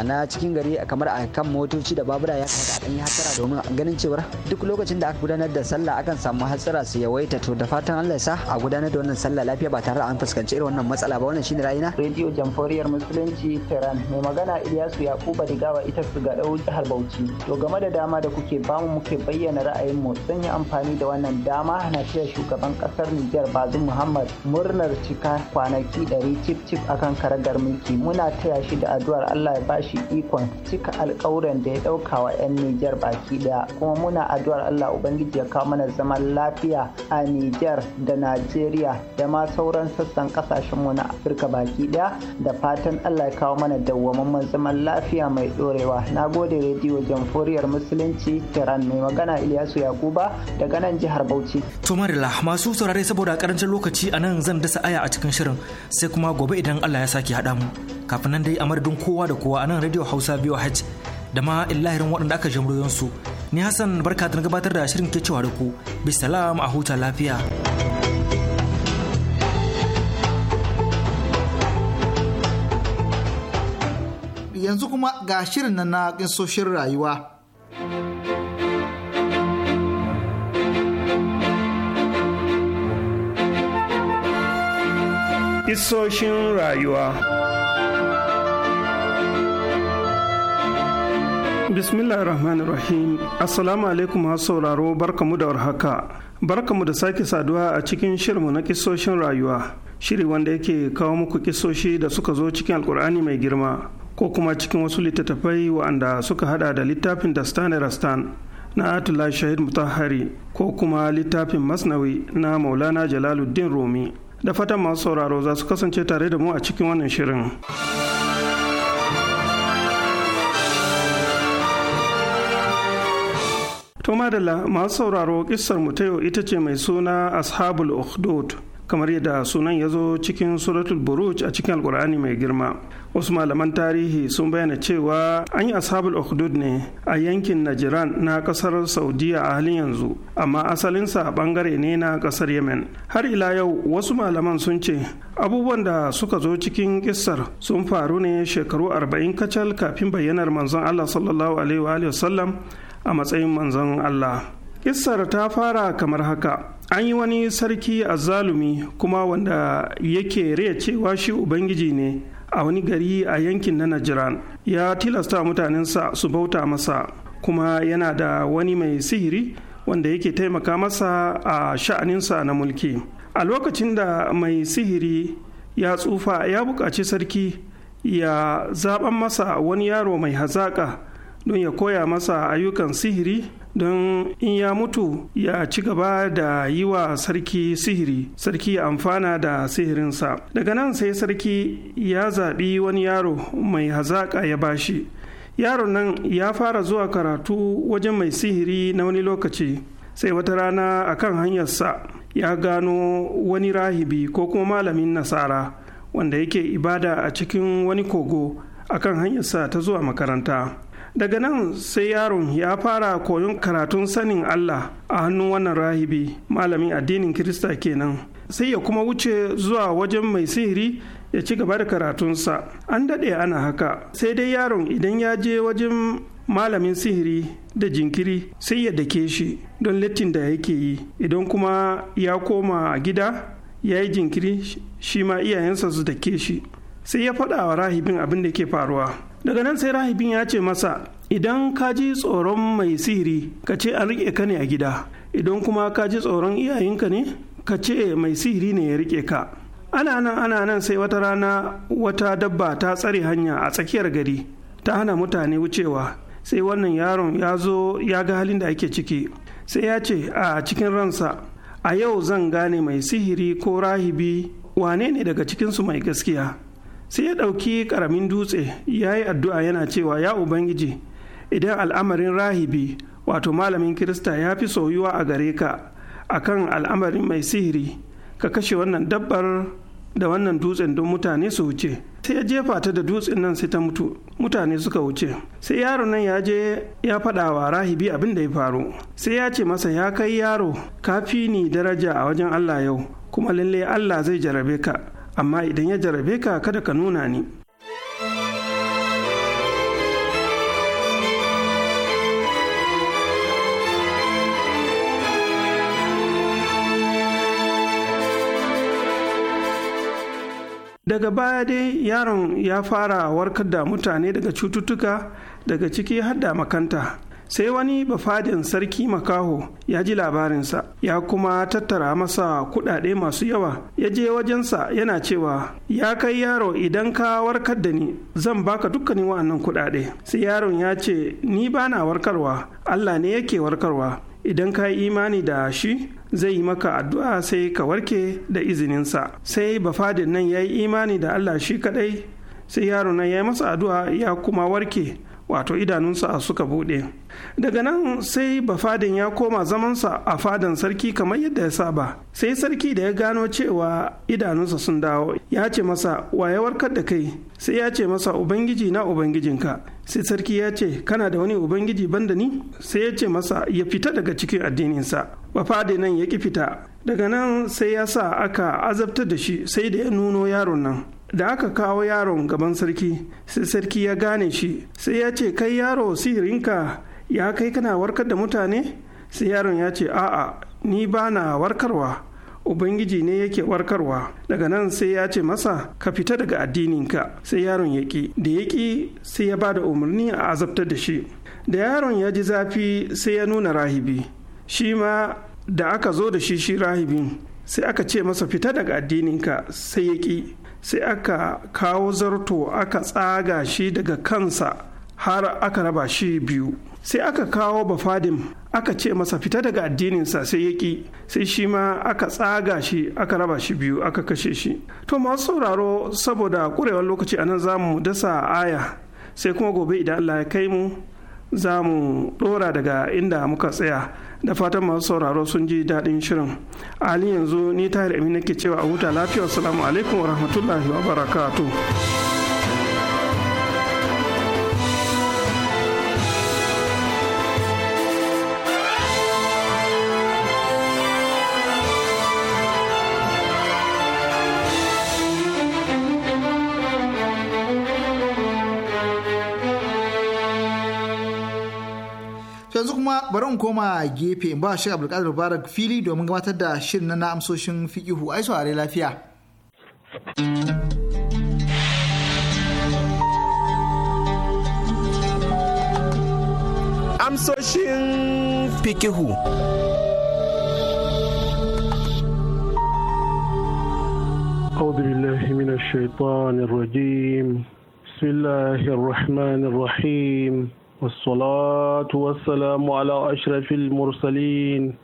na cikin gari kamar a kan motoci da babura ya kamata a dan yi hatsara domin ganin cewa duk lokacin da aka gudanar da sallah akan samu hatsara su yawaita to da fatan Allah ya sa a gudanar da wannan sallah lafiya ba tare da an fuskanci irin wannan matsala ba wannan shine ra'ayina radio jamforiyar musulunci Tehran mai magana Ilyasu Yakuba Digawa ita su ga jihar Bauchi to game da dama da kuke bamu muke bayyana ra'ayinmu zan yi amfani da wannan dama na taya shugaban kasar Nijar Bazum Muhammad murnar cika kwanaki ɗari cif cif akan karagar mulki muna taya shi da addu'ar Allah ya bashi ikon cika alƙawuran da ya ɗauka wa 'yan Nijar baki ɗaya kuma muna addu'ar Allah Ubangiji ya kawo mana zaman lafiya a Nijar da Najeriya da ma sauran sassan ƙasashenmu na Afirka baki ɗaya da fatan Allah ya kawo mana dawwamamman zaman lafiya mai ɗorewa. Na gode rediyo jamhuriyar musulunci ne mai magana Ilyasu Yakuba daga nan jihar Bauchi. To Marila masu saurare saboda karancin lokaci a nan zan dasa aya a cikin shirin sai kuma gobe idan Allah ya sake haɗa mu. Kafin nan dai a madadin kowa da kowa a nan Radio Hausa biyu hajj da ma illahirin waɗanda aka jamuriyon su. Ni Hassan barka da gabatar da shirin ke cewa da ku. Bisalam a huta lafiya. Yanzu kuma ga shirin na na ƙinsoshin rayuwa. Isoshin rayuwa. Bismillahirrahmanirrahim Assalamu alaikum masu sauraro barkamu da warhaka. Barkamu da sake saduwa a cikin shirmu na kisoshin rayuwa. Shiri wanda yake kawo muku kisoshi da suka zo cikin alkur'ani mai girma ko kuma cikin wasu littattafai wa'anda suka hada da littafin Dastan e Rastan na Atula Shahid Mutahari ko kuma littafin Masnawi na Maulana Jalaluddin Rumi. da fatan masu sauraro za su kasance tare da mu a cikin wannan shirin. To madalla masu sauraro kissar mu ta yau ita ce mai suna Ashabul Ukhdud kamar yadda sunan ya zo cikin suratul Buruj a cikin Alkur'ani mai girma. wasu malaman tarihi sun bayyana cewa an yi ashabul ukhdud ne a yankin najiran na kasar saudiya a halin yanzu amma asalinsa bangare ne na kasar yemen har ila yau wasu malaman sun ce abubuwan da suka zo cikin kissar sun faru ne shekaru 40 kacal kafin bayyanar manzon allah sallallahu alaihi wa a matsayin manzon allah kissar ta fara kamar haka an yi wani sarki azzalumi kuma wanda yake cewa shi ubangiji ne a wani gari a yankin na najiran ya tilasta mutanensa su bauta masa kuma yana da wani mai sihiri wanda yake taimaka masa a sha'aninsa na mulki a lokacin da mai sihiri ya tsufa ya buƙaci sarki ya zaɓan masa wani yaro mai hazaƙa don ya koya masa ayyukan sihiri don in ya mutu ya ci gaba da yi wa sarki sihiri sarki ya amfana da sihirinsa daga nan sai sarki ya zaɓi wani yaro mai hazaƙa ya bashi yaron nan ya fara zuwa karatu wajen mai sihiri na wani lokaci sai wata rana a kan hanyarsa ya gano wani rahibi ko kuma malamin nasara wanda yake ibada a cikin wani kogo akan hanyarsa ta zuwa makaranta daga nan sai yaron ya fara koyon karatun sanin allah a hannun wannan rahibi malamin addinin kirista kenan sai ya kuma wuce zuwa wajen mai sihiri ya ci gaba da karatunsa an daɗe ana haka sai dai yaron idan ya je wajen malamin sihiri da jinkiri sai ya dake shi don littin da yake yi idan kuma ya koma gida ya yi jinkiri shi ma iyayensa su dake shi sai ya faɗa wa rahibin abin da ke faruwa daga nan sai rahibin ya ce masa idan ka ji tsoron mai sihiri ka ce an riƙe ka ne a gida idan kuma ka ji tsoron iyayenka ne ka ce mai sihiri ne ya riƙe ka ana nan ana nan sai wata rana wata dabba ta tsare hanya a tsakiyar gari ta hana mutane wucewa sai wannan yaron ya zo ya ga halin da ake ciki sai ya ce a cikin ransa a yau zan gane mai sihiri ko rahibi wane ne daga cikinsu mai gaskiya sai ya ɗauki ƙaramin dutse ya yi addu'a yana cewa ya ubangiji idan al'amarin rahibi wato malamin kirista ya fi soyuwa a gare ka a kan al'amarin mai sihiri ka kashe wannan dabbar da wannan dutsen don mutane su wuce sai ya jefa ta da dutsen nan sai ta mutu mutane suka wuce sai yaron nan ya je ya faɗa wa rahibi abin da ya faru sai ya ce masa ya kai yaro kafi ni daraja a wajen allah yau kuma lalle allah zai jarabe ka amma idan ya jarabe ka kada ka nuna ni daga baya dai yaron ya fara warkar da mutane daga cututtuka daga ciki har da makanta sai wani bafadin sarki makaho ya ji labarinsa ya kuma tattara masa kuɗaɗe masu yawa ya je wajensa yana cewa ya kai yaro idan ka warkar da ni zan baka dukkanin wa'annan kuɗaɗe sai yaron ya ce ni bana warkarwa allah ne yake warkarwa idan ka yi imani da shi zai yi maka addu'a sai ka warke da izininsa sai bafadin nan ya yi imani da allah shi kadai sai yaro nan ya yi masa addu'a ya kuma warke wato idanunsa a suka bude. daga nan sai bafadin ya koma zamansa a fadan sarki kamar yadda ya saba sai sarki da ya gano cewa idanunsa sun dawo ya ce masa wa ya warkar da kai sai ya ce masa ubangiji na ubangijinka sai sarki ya ce kana da wani ubangiji banda ni sai ya ce masa ya fita daga cikin addininsa bafade nan ya ki fita daga nan sai ya sa aka azabtar da shi sai da ya nuno yaron nan da aka kawo yaron gaban sarki sai sarki ya gane shi sai ya ce kai yaro sihirinka ya kai kana warkar da mutane sai yaron ya ce a'a ni ba na warkarwa ubangiji ne yake warkarwa daga nan sai ya ce masa ka fita daga addininka sai yaron ya ki da ya ki sai ya ba da umarni a azabtar da shi da yaron ya ji zafi sai ya nuna rahibi shi ma da aka zo da shi shi rahibin sai aka ce masa fita daga addininka sai ya ki sai aka kawo zarto aka tsaga shi daga kansa har aka raba shi biyu sai aka kawo bafadim aka ce masa fita daga addininsa sai ya ƙi sai shi ma aka tsaga shi aka raba shi biyu aka kashe shi to masu sauraro saboda ƙurewar lokaci anan zamu dasa aya sai kuma gobe idan allah ya kai mu za mu ɗora daga inda muka tsaya da fatan masu sauraro sun ji daɗin shirin ali yanzu ni tahir amin ke cewa a huta lafiya assalamu alaikum wa rahmatullahi wa barakatuh bari mu koma gefe in ba shi Abdulkadir Mubarak fili domin gabatar da shirin na amsoshin fikihu ai saurare lafiya. Amsoshin fiqihu أعوذ بالله من الشيطان الرجيم بسم الله الرحمن الرحيم والصلاة والسلام على أشرف المرسلين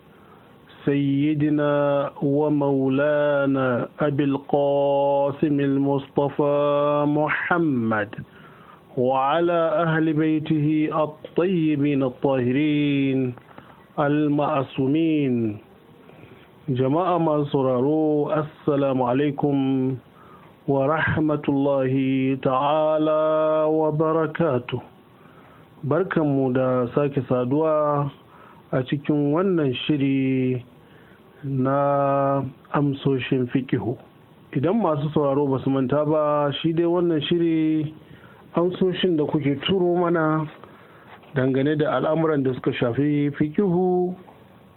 سيدنا ومولانا أبي القاسم المصطفى محمد وعلى أهل بيته الطيبين الطاهرين المعصومين جماعة ما السلام عليكم ورحمة الله تعالى وبركاته barkanmu da sake saduwa a cikin wannan shiri na amsoshin fikihu idan masu sauraro ba su manta ba shi dai wannan shiri amsoshin da kuke turo mana dangane da al'amuran da suka shafi fikihu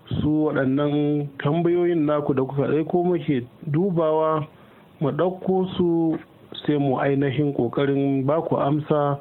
su waɗannan tambayoyin naku da kuka ko muke dubawa mu ɗauko su sai mu ainihin ƙoƙarin baku amsa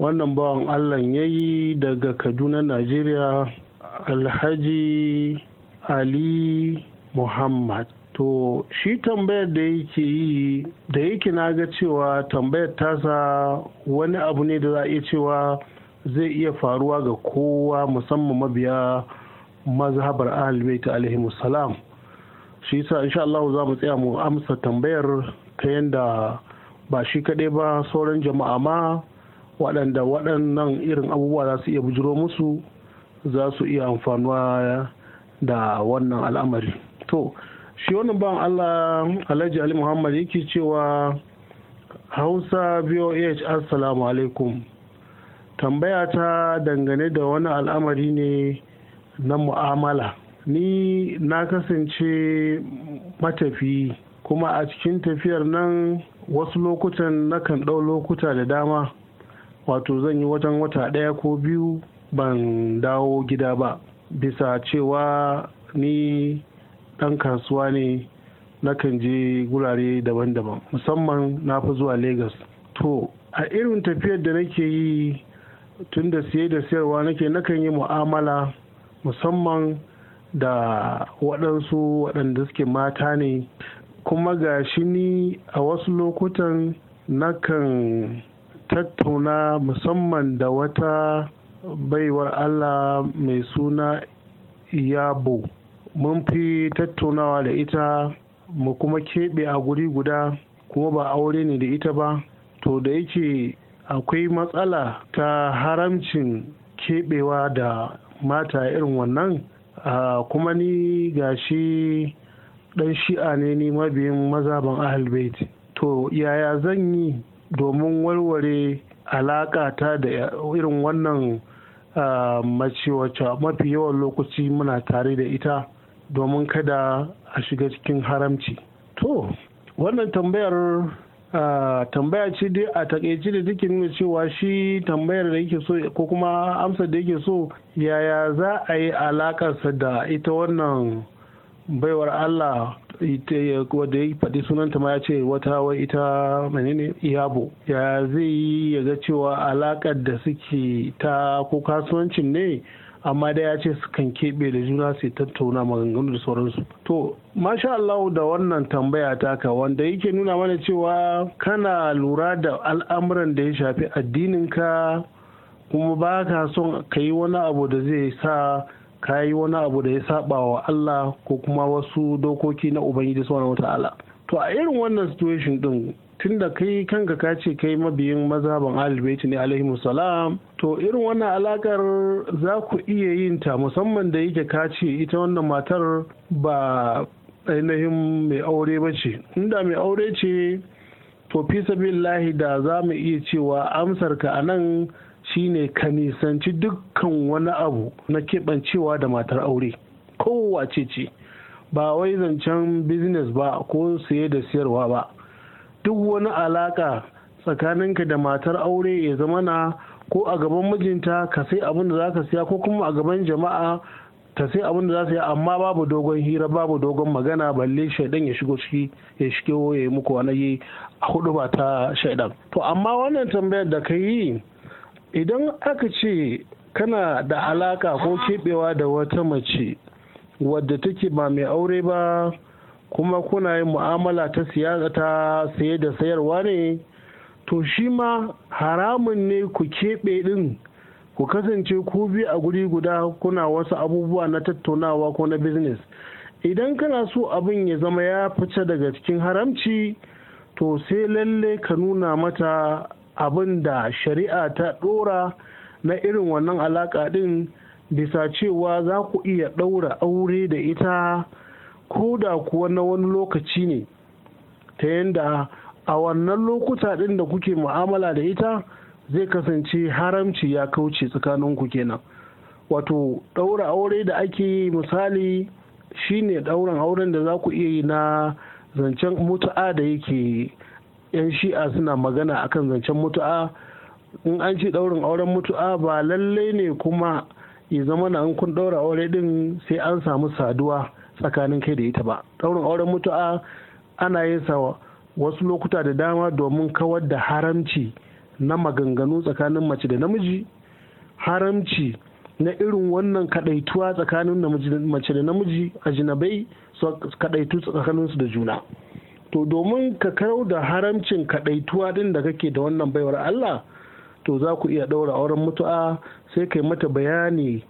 wannan bawan allah ya yi daga kaduna najeriya alhaji ali muhammad to shi tambayar da yake yi da yake na ga cewa tambayar tasa wani abu ne da za a iya cewa zai iya faruwa ga kowa musamman mabiya mazhabar ahalbaita alaihi salam shi yasa insha Allah za mu tsaya mu amsa tambayar ta yanda ba shi kaɗai ba sauran jama'a ma waɗanda waɗannan irin abubuwa za su iya bujiro musu za su iya amfanuwa da wannan al'amari to shi wannan ban allah alhaji ali muhammad yake cewa hausa boh assalamu alaikum tambaya ta dangane da wani al'amari ne na mu'amala ni na kasance matafi kuma a cikin tafiyar nan wasu lokutan na kan ɗau lokuta da dama wato zan yi wajen wata ɗaya ko biyu ban dawo gida ba bisa cewa ni ɗan kasuwa ne nakan je gurare daban-daban musamman na fi zuwa lagos to a irin tafiyar da nake yi tun da siye da siyarwa nake nakan yi mu'amala musamman da waɗansu waɗanda suke mata ne kuma ga shi ni a wasu lokutan nakan tattauna musamman da wata baiwar Allah mai suna Iyabo. Mun fi tattaunawa da ita mu kuma keɓe a guri guda kuma ba aure ne da ita ba. To da yake akwai matsala ta haramcin keɓewa da mata irin wannan a kuma ni gashi ɗan shi'a ne ni mabiyin mazaban ahal to yaya zan yi domin warware alaƙa ta da irin wannan mace wacce mafi yawan lokaci muna tare da ita domin kada a shiga cikin haramci to wannan tambayar tambaya ce dai a takaice da take nuna cewa shi tambayar da yake so ko kuma amsar da yake so yaya za a yi alakarsa da ita wannan baiwar Allah ita wadda ya faɗi sunanta ma ya ce wata wai ita menene iyabo ya zai yi ya ga cewa alaƙar da suke ta ko kasuwancin ne amma da ya ce sukan keɓe da juna su tattauna maganganu da sauransu to masha Allah da wannan tambaya taka wanda yake nuna mana cewa kana lura da al'amuran da ya shafi addininka kuma ba ka son ka yi wani abu da zai sa ka yi wani abu da ya saba wa Allah ko kuma wasu dokoki na Ubangiji subhanahu wata'ala to a irin wannan situation din tunda kai kanka ka ce kai mabiyin mazhaban alibaiti ne alaihi salam to irin wannan alakar za ku iya yin ta musamman da yake ka ce ita wannan matar ba ainihin mai aure ba ce inda mai aure ce to fi sabillahi da za mu iya cewa amsarka a nan shine ka nisanci dukkan wani abu na keɓancewa da matar aure kowace ce ba wai zancen business ba ko saye da siyarwa ba duk wani alaka tsakaninka da matar aure ya zama na ko a gaban mijinta ka sai abin da za ka siya ko kuma a gaban jama'a ta sai abin da za su yi amma babu dogon hira babu dogon magana balle shaidan ya shigo ciki ya shige ya yi muku wani a hudu ba ta shaidan to amma wannan tambayar da ka yi idan aka ce kana da alaka ko keɓewa da wata mace wadda take ba mai aure ba kuma kuna yin mu'amala ta siyasa ta saye da sayarwa ne to shi ma haramun ne ku keɓe ɗin ku kasance ku bi a guri guda kuna wasu abubuwa na tattaunawa ko na business idan kana so abin ya zama ya fice daga cikin haramci to sai lalle ka nuna mata abin da shari'a ta ɗora na irin wannan alaƙa ɗin bisa cewa za ku iya ɗaura aure da ita ko da kuwa na wani lokaci ne ta yadda a wannan lokuta ɗin da kuke mu'amala da ita zai kasance haramci ya kauce tsakanin ku kenan wato ɗaura aure da ake yi misali shine ɗauran auren da za ku iya yi na zancen mutu'a da yake 'yan shi'a suna magana akan zancen mutu'a in an ce ɗaurin auren mutu'a ba lallai ne kuma ya zama na kun ɗaura aure din sai an samu saduwa tsakanin kai da ita ba ɗaurin auren mutu'a ana yin sa wasu lokuta da dama domin kawar da haramci na maganganu tsakanin mace da namiji haramci na irin wannan kadaituwa tsakanin mace da namiji a jinabai kadaitu tsakaninsu da juna to domin ka karau da haramcin kaɗaituwa din da kake da wannan baiwar Allah to za ku iya ɗaura auren mutu'a sai kai mata bayani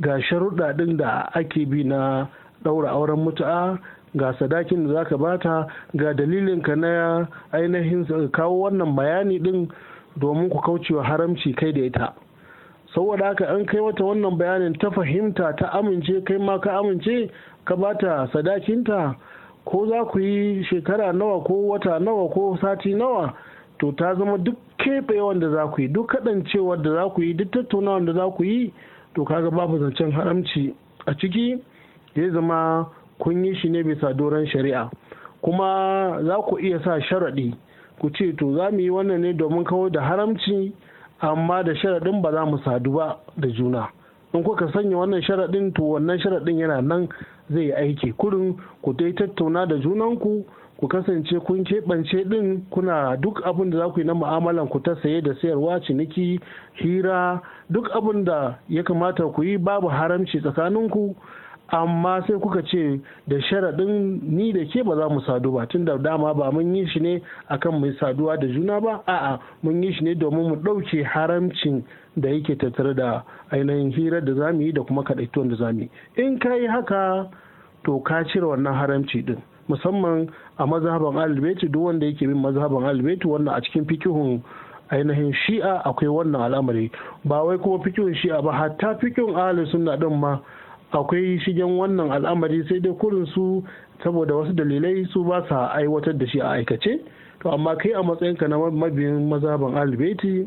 ga sharuɗa ɗin da ake bi na ɗaura auren mutu'a ga sadakin da zaka bata ga dalilin ka na ainihin kawo wannan bayani ɗin domin ku kaucewa haramci kai da ita saboda haka an kai mata wannan bayanin ta fahimta ta amince kai ma ka amince ka bata sadakinta ko za ku yi shekara nawa ko wata nawa ko sati nawa to ta zama duk keɓe wanda za ku yi duk cewa da za ku yi duk tattauna da za ku yi to kaga babu zancen haramci a ciki ya zama kun yi shi ne bisa doron shari'a kuma za ku iya sa sharaɗi ku ce to za mu yi wannan ne domin kawo da haramci amma da sharaɗin ba za mu sadu ba da juna in kuka sanya wannan sharaɗin to wannan sharaɗin yana nan zai yi aiki kurin ku dai tattauna da junanku ku kasance kun keɓance ɗin kuna duk abin da za ku yi na mu'amalan ku ta saye da sayarwa ciniki hira duk abin da ya kamata ku yi babu haramci tsakaninku amma sai kuka ce da sharaɗin ni da ke ba za mu sadu ba tun da dama ba mun yi shi ne akan mai saduwa da juna ba a'a mun yi shi ne domin mu ɗauke haramcin da yake tattare da ainihin hira da za da kuma kaɗaituwan da za yi in ka yi haka to ka cire wannan haramci din musamman a mazhaban albeti duk wanda yake bin mazhaban albeti wannan a cikin fikihun ainihin shi'a akwai wannan al'amari ba wai kuma fikihun shi'a ba hatta fikihun ahalin sunna din ma akwai shigen wannan al'amari sai dai kurin su saboda wasu dalilai su ba sa aiwatar da shi a aikace to amma kai a matsayinka na mabiyin mazhaban albeti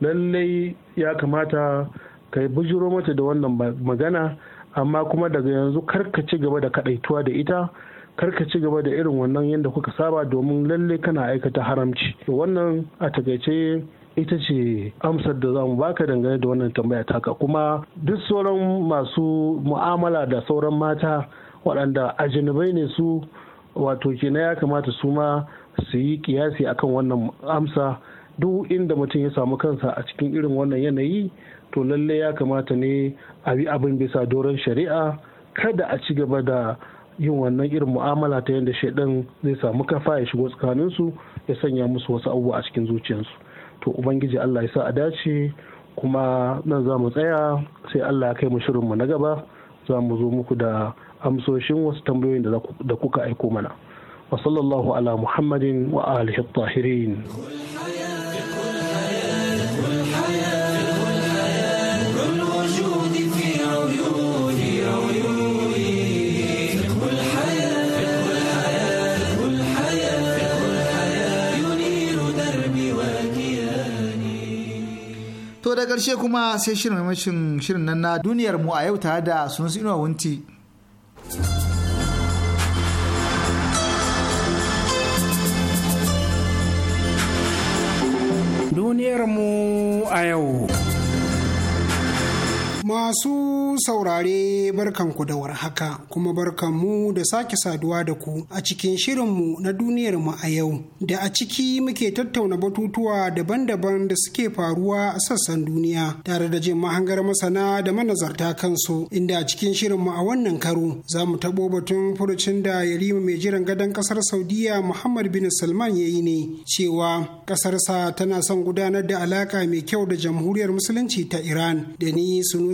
lallai ya kamata ka bujiro mata da wannan magana amma kuma daga yanzu karka ci gaba da kadaituwa da ita karka ci gaba da irin wannan yadda kuka saba domin lallai kana aikata haramci wannan a takaice ita ce amsar da za mu baka dangane da wannan tambaya taka kuma duk sauran masu mu'amala da sauran mata waɗanda ajinabai ne su wato kina ya kamata su ma su yi kiyasi akan wannan amsa duk inda mutum ya samu kansa a cikin irin wannan yanayi to lalle ya kamata ne a bi abin bisa doron shari'a kada a ci gaba da yin wannan irin mu'amala ta yadda shaidan zai samu kafa ya shigo tsakaninsu ya sanya musu wasu abubuwa a cikin zuciyarsu to ubangiji allah ya sa a dace kuma nan za mu tsaya sai allah ya kai mu shirinmu na gaba za mu zo muku da amsoshin wasu tambayoyin da kuka aiko mana wa sallallahu ala muhammadin wa alihi tahirin Karshe kuma sai shirin mashin shirin nan na duniyar mu a yau tare da sunusu inuwa wunti. Duniyar mu a yau. Masu saurare barkanku da warhaka kuma barkanmu da sake saduwa da ku a cikin shirinmu na duniyarmu a yau da a ciki muke tattauna batutuwa daban-daban da suke faruwa a sassan duniya tare da jin mahangar masana da manazarta kansu inda a cikin shirinmu a wannan karo za mu tabo batun furucin da yarima mai jiran gadon kasar saudiya muhammad bin salman ya yi ne cewa kasarsa tana son gudanar da alaka mai kyau da jamhuriyar musulunci ta iran da ni sunu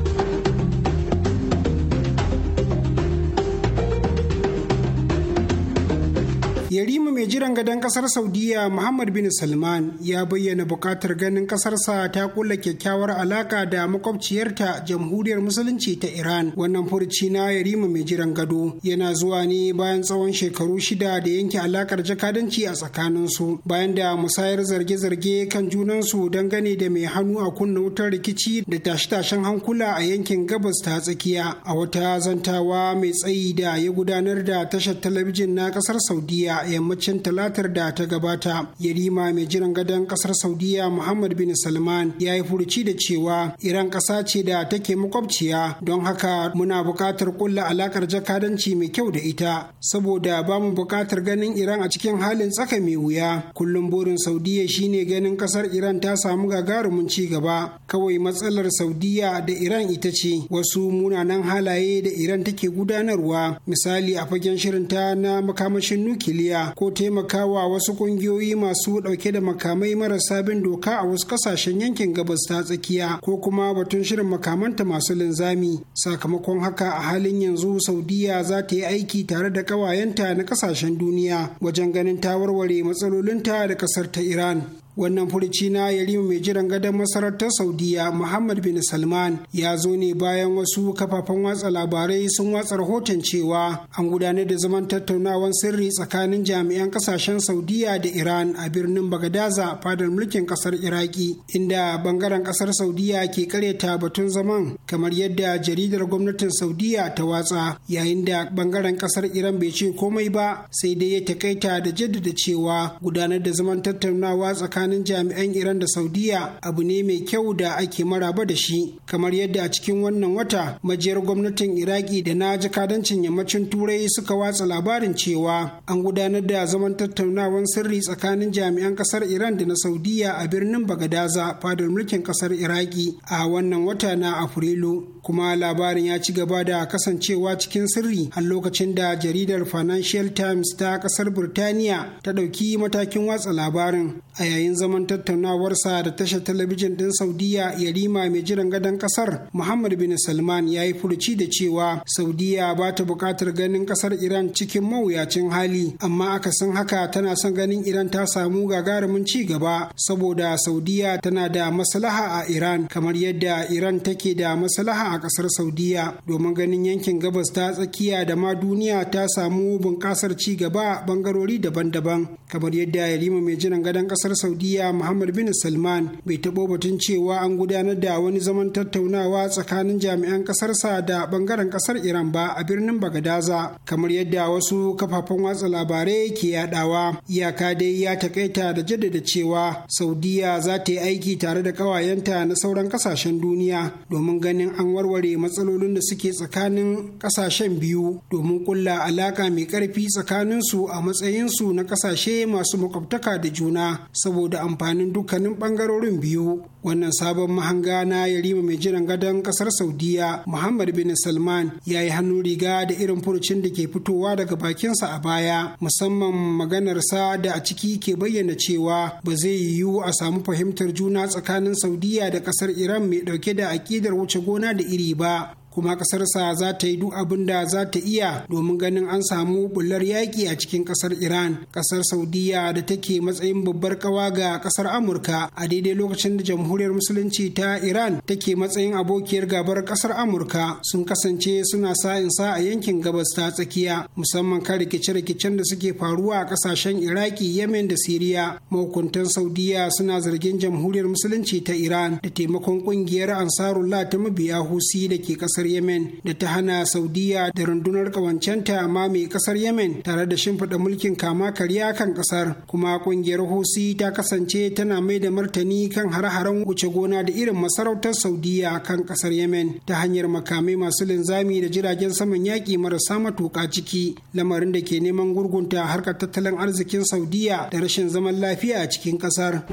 Yarima mai jiran gadon kasar Saudiya Muhammad bin Salman ya bayyana buƙatar ganin kasarsa ta kula kyakkyawar alaka da makwabciyarta Jamhuriyar Musulunci ta Iran. Wannan furci na Yarima mai jiran gado yana zuwa ne bayan tsawon shekaru shida da yanke alakar jakadanci a tsakaninsu bayan da musayar zarge-zarge kan junansu dangane da mai hannu a kunna wutar rikici da tashe-tashen hankula a yankin gabas ta tsakiya a wata zantawa mai tsayi da ya gudanar da tashar talabijin na kasar Saudiya yammacin talatar da ta gabata yarima mai jiran gadon kasar saudiya muhammad bin salman ya yi furuci da cewa iran ƙasa ce da take makwabciya don haka muna buƙatar kulla alakar jakadanci mai kyau da ita saboda ba mu buƙatar ganin iran a cikin halin tsaka mai wuya kullum burin saudiya shine ganin ƙasar iran ta samu gagarumin ci gaba kawai matsalar saudiya da iran ita ce wasu munanan halaye da iran take gudanarwa misali a fagen shirinta na makamashin nukiliya ko taimakawa wasu kungiyoyi masu dauke da makamai marasa bin doka a wasu kasashen yankin gabas ta tsakiya ko kuma batun shirin makamanta masu linzami sakamakon haka a halin yanzu saudiya za ta yi aiki tare da kawayenta na kasashen duniya wajen ganin ta warware matsalolinta da kasar ta iran wannan furuci na yarima mai jiran gadon masarautar saudiya muhammad bin salman ya zo ne bayan wasu kafafen watsa labarai sun watsa rahoton cewa an gudanar da zaman tattaunawan sirri tsakanin jami'an kasashen saudiya da iran a birnin bagadaza fadar mulkin kasar iraki inda bangaren kasar saudiya ke kareta batun zaman kamar yadda jaridar gwamnatin saudiya ta watsa yayin da bangaren kasar iran bai ce komai ba sai dai ya takaita da jaddada cewa gudanar da zaman tattaunawa tsakanin tsakanin jami'an Iran da Saudiya abu ne mai kyau da ake maraba da shi kamar yadda a cikin wannan wata majiyar gwamnatin Iraki da na jakadancin yammacin Turai suka watsa labarin cewa an gudanar da zaman tattaunawan sirri tsakanin jami'an kasar Iran da na Saudiya a birnin Bagadaza fadar mulkin kasar Iraki a wannan wata na Afrilu kuma labarin ya ci gaba da kasancewa cikin sirri a lokacin da jaridar financial times ta kasar birtaniya ta ɗauki matakin watsa labarin a yayin zaman tattaunawarsa da tashar talabijin ɗin saudiya yarima mai jiran gadon ƙasar, muhammad bin salman ya yi furuci da cewa saudiya ba ta buƙatar ganin ƙasar iran cikin mawuyacin hali amma akasin haka tana son ganin iran ta samu gagarumin ci gaba saboda saudiya tana da maslaha a iran kamar yadda iran take da maslaha a kasar saudiya domin ganin yankin gabas ta tsakiya da ma duniya ta samu bunƙasar ci gaba a bangarori daban-daban kamar yadda yarima mai jiran gadon kasar saudiya muhammad bin salman bai taɓo batun cewa an gudanar da wani zaman tattaunawa tsakanin jami'an ƙasarsa da bangaren ƙasar iran ba a birnin bagadaza kamar yadda wasu kafafen watsa labarai ke yadawa iyaka dai ya takaita da jaddada cewa saudiya za ta yi aiki tare da ƙawayenta na sauran ƙasashen duniya domin ganin an warware matsalolin da suke tsakanin ƙasashen biyu domin kulla alaka mai ƙarfi tsakaninsu a matsayinsu na ƙasashe masu makwabtaka da juna saboda amfanin dukkanin bangarorin biyu. Wannan sabon mahanga na yarima mai jiran gadon ƙasar Saudiya Muhammad bin Salman ya yi hannun riga da irin furucin da ke fitowa daga bakinsa a baya musamman maganarsa da a ciki ke bayyana cewa ba zai yiwu a samu fahimtar juna tsakanin Saudiya da ƙasar Iran mai ɗauke da aƙidar wuce gona da iri ba kuma ƙasarsa za ta yi duk abin da za ta iya domin ganin an samu bullar yaƙi a cikin ƙasar iran ƙasar saudiya da take matsayin babbar kawa ga ƙasar amurka a daidai lokacin da jamhuriyar musulunci ta iran take matsayin abokiyar gabar ƙasar amurka sun kasance suna sa'in sa a yankin gabas ta tsakiya musamman kan rikice-rikicen da suke faruwa a ƙasashen iraki yemen da siriya mahukuntan saudiya suna zargin jamhuriyar musulunci ta iran da taimakon ƙungiyar ansarullah ta mabiya husi da ke ƙasar kasar yemen da ta hana saudiya da rundunar kawancenta mai kasar yemen tare da shimfiɗa mulkin kama karya kan kasar kuma ƙungiyar husi ta kasance tana mai da martani kan hare-haren wuce gona da irin masarautar saudiya kan kasar yemen ta hanyar makamai masu linzami da jiragen saman yaƙi marasa matuƙa ciki lamarin da ke neman gurgunta harkar tattalin arzikin saudiya da rashin zaman lafiya a cikin kasar.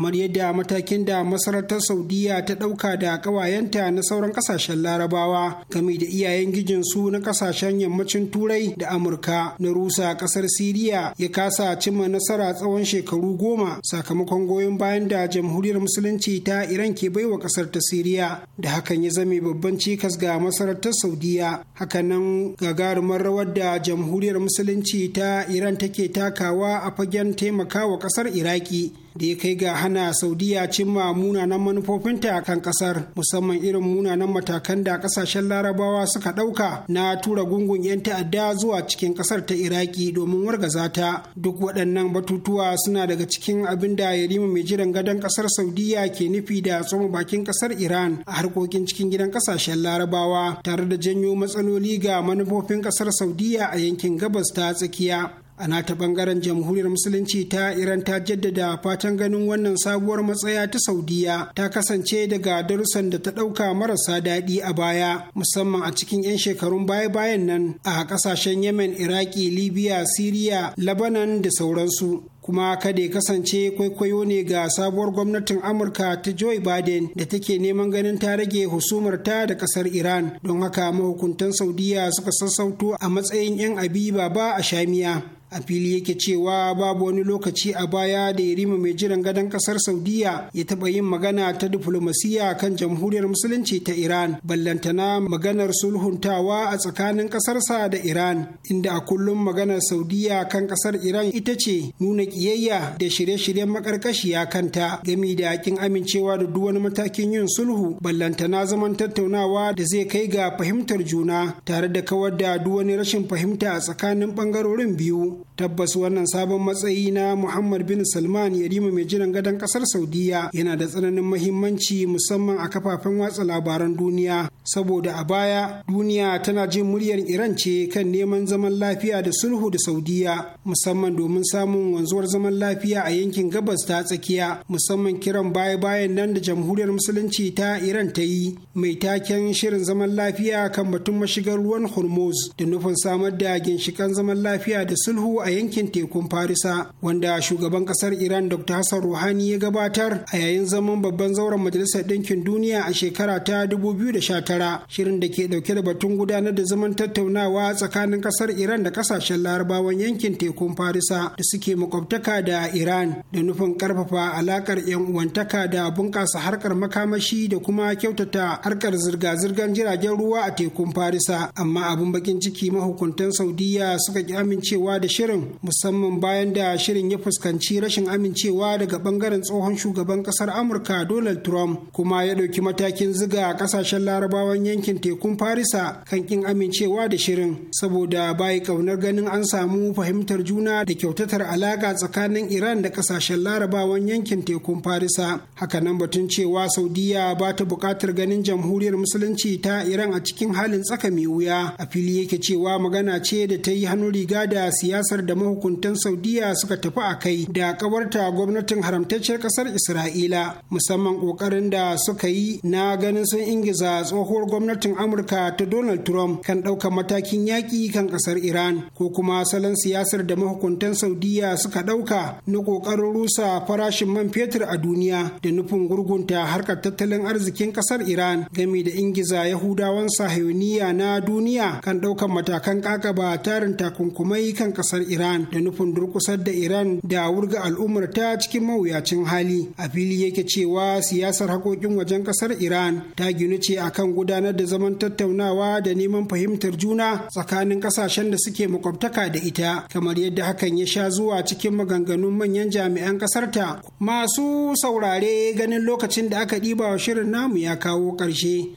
kamar yadda matakin da masarautar saudiya ta ɗauka da ƙawayenta na sauran ƙasashen larabawa game da iyayen gijinsu na ƙasashen yammacin turai da amurka na rusa ƙasar siriya ya kasa cimma nasara tsawon shekaru goma sakamakon goyon bayan da jamhuriyar musulunci ta iran ke baiwa ƙasar ta siriya da hakan ya zame babban cikas ga masarautar saudiya hakanan gagarumar rawar da jamhuriyar musulunci ta iran take takawa a fagen taimakawa ƙasar iraki da ya kai ga hana saudiya cimma munanan manufofinta kan kasar musamman irin munanan matakan da kasashen larabawa suka ɗauka na tura gungun 'yan ta'adda zuwa cikin kasar ta iraki domin wargaza ta duk waɗannan batutuwa suna daga cikin abin da yarima mai jiran gadon kasar saudiya ke nufi da tsoma bakin kasar iran a harkokin cikin gidan kasashen larabawa tare da janyo matsaloli ga manufofin kasar saudiya a yankin gabas ta tsakiya a ta bangaren jamhuriyar musulunci ta iran ta jaddada fatan ganin wannan sabuwar matsaya ta saudiya ta kasance daga darussan da ta ɗauka marasa daɗi a baya musamman a cikin 'yan shekarun baya-bayan nan a ƙasashen yemen iraki libya siriya labanan da sauransu kuma kada ya kasance kwaikwayo ne ga sabuwar gwamnatin amurka ta joe biden da take neman ganin ta rage husumar ta da kasar iran don haka mahukuntan saudiya suka sassauto a matsayin yan abi ba a shamiya a fili yake cewa babu wani lokaci a baya da yarima mai jiran gadon kasar saudiya ya taɓa yin magana ta diflomasiya kan jamhuriyar musulunci ta iran ballantana maganar sulhuntawa a tsakanin kasarsa da iran inda a kullum maganar saudiya kan kasar iran ita ce nuna ƙiyayya da shirye-shiryen makarkashiya kanta gami da yakin amincewa da duk wani matakin yin sulhu ballantana zaman tattaunawa da zai kai ga fahimtar juna tare da kawar da duk wani rashin fahimta a tsakanin bangarorin biyu tabbas wannan sabon matsayi na muhammad bin salman yarima mai jiran gadon kasar saudiya yana da tsananin mahimmanci musamman a kafafen watsa labaran duniya saboda a baya duniya tana jin muryar iran ce kan neman zaman lafiya da sulhu da saudiya musamman domin samun wanzuwar zaman lafiya a yankin gabas ta tsakiya musamman kiran baya-bayan nan da jamhuriyar musulunci ta iran ta yi mai taken shirin zaman lafiya kan batun mashigar ruwan hormuz da nufin samar da ginshikan zaman lafiya da sulhu Netanyahu a yankin tekun Farisa wanda shugaban kasar Iran Dr. Hassan Rouhani ya gabatar a yayin zaman babban zauren Majalisar Ɗinkin Duniya a shekara ta 2019 shirin da ke dauke da batun gudanar da zaman tattaunawa tsakanin kasar Iran da kasashen Larabawan yankin tekun Farisa da suke makwabtaka da Iran da nufin karfafa alakar 'yan uwantaka da bunƙasa harkar makamashi da kuma kyautata harkar zirga-zirgar jiragen ruwa a tekun Farisa amma abin bakin ciki mahukuntan Saudiya suka ki amincewa da shirin musamman bayan da shirin ya fuskanci rashin amincewa daga bangaren tsohon shugaban kasar amurka donald trump kuma ya ɗauki matakin ziga a ƙasashen larabawan yankin tekun farisa kan kin amincewa da shirin saboda bayi ƙaunar ganin an samu fahimtar juna da kyautatar alaƙa tsakanin iran da ƙasashen larabawan yankin tekun farisa hakanan batun cewa saudiya ba ta buƙatar ganin jamhuriyar musulunci ta iran a cikin halin tsaka mai wuya a fili yake cewa magana ce da ta yi hannu riga da siyasa kasar da mahukuntan saudiya suka tafi a kai da kawarta gwamnatin haramtacciyar kasar isra'ila musamman kokarin da suka yi na ganin sun ingiza tsohuwar gwamnatin amurka ta donald trump kan ɗaukar matakin yaƙi kan kasar iran ko kuma salon siyasar da mahukuntan saudiya suka ɗauka na kokarin rusa farashin man fetur a duniya da nufin gurgunta harkar tattalin arzikin kasar iran game da ingiza yahudawan sahiyoniya na duniya kan ɗaukar matakan kakaba tarin takunkumai kan kasar kasar iran da nufin durkusar da iran da wurga al'ummar ta cikin mawuyacin hali a fili yake cewa siyasar haƙoƙin wajen kasar iran ta ginu ce akan gudanar da zaman tattaunawa da neman fahimtar juna tsakanin kasashen da suke makwabtaka da ita kamar yadda hakan ya sha zuwa cikin maganganun manyan jami'an kasar masu saurare ganin lokacin da aka ɗiba wa shirin namu ya kawo ƙarshe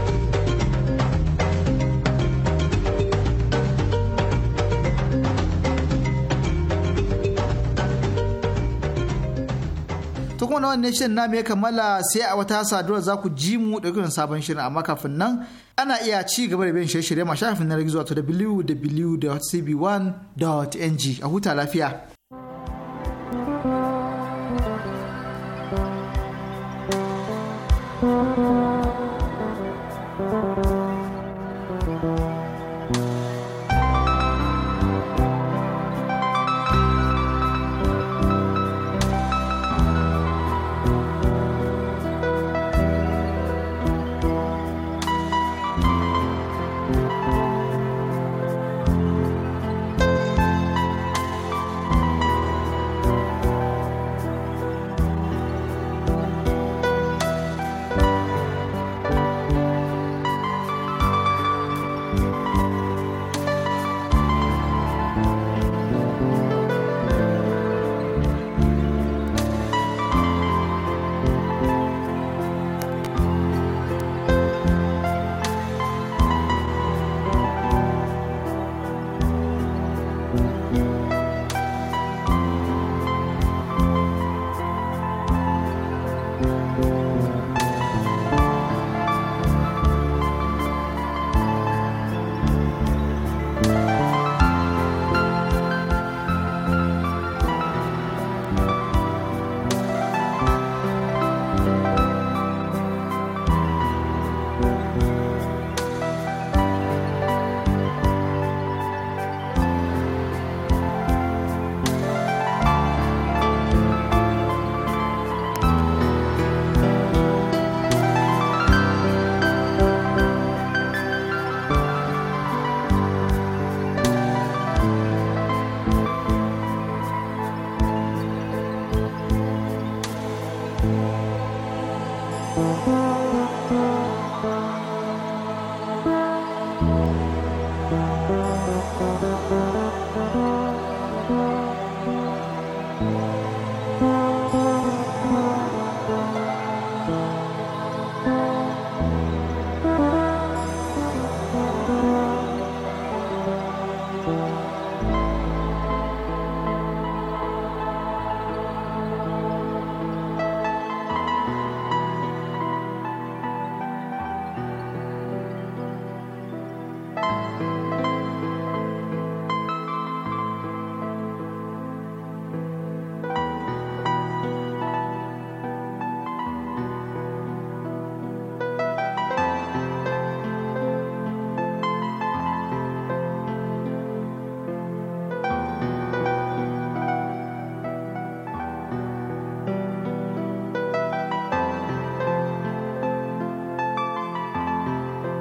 da wannan shirin namu ya kammala sai a wata saduwar za ku ji mu da sabon shirin amma kafin nan ana iya ci gaba da bin shirye-shirye ma shafin na gizo wato www.cb1.ng a huta lafiya.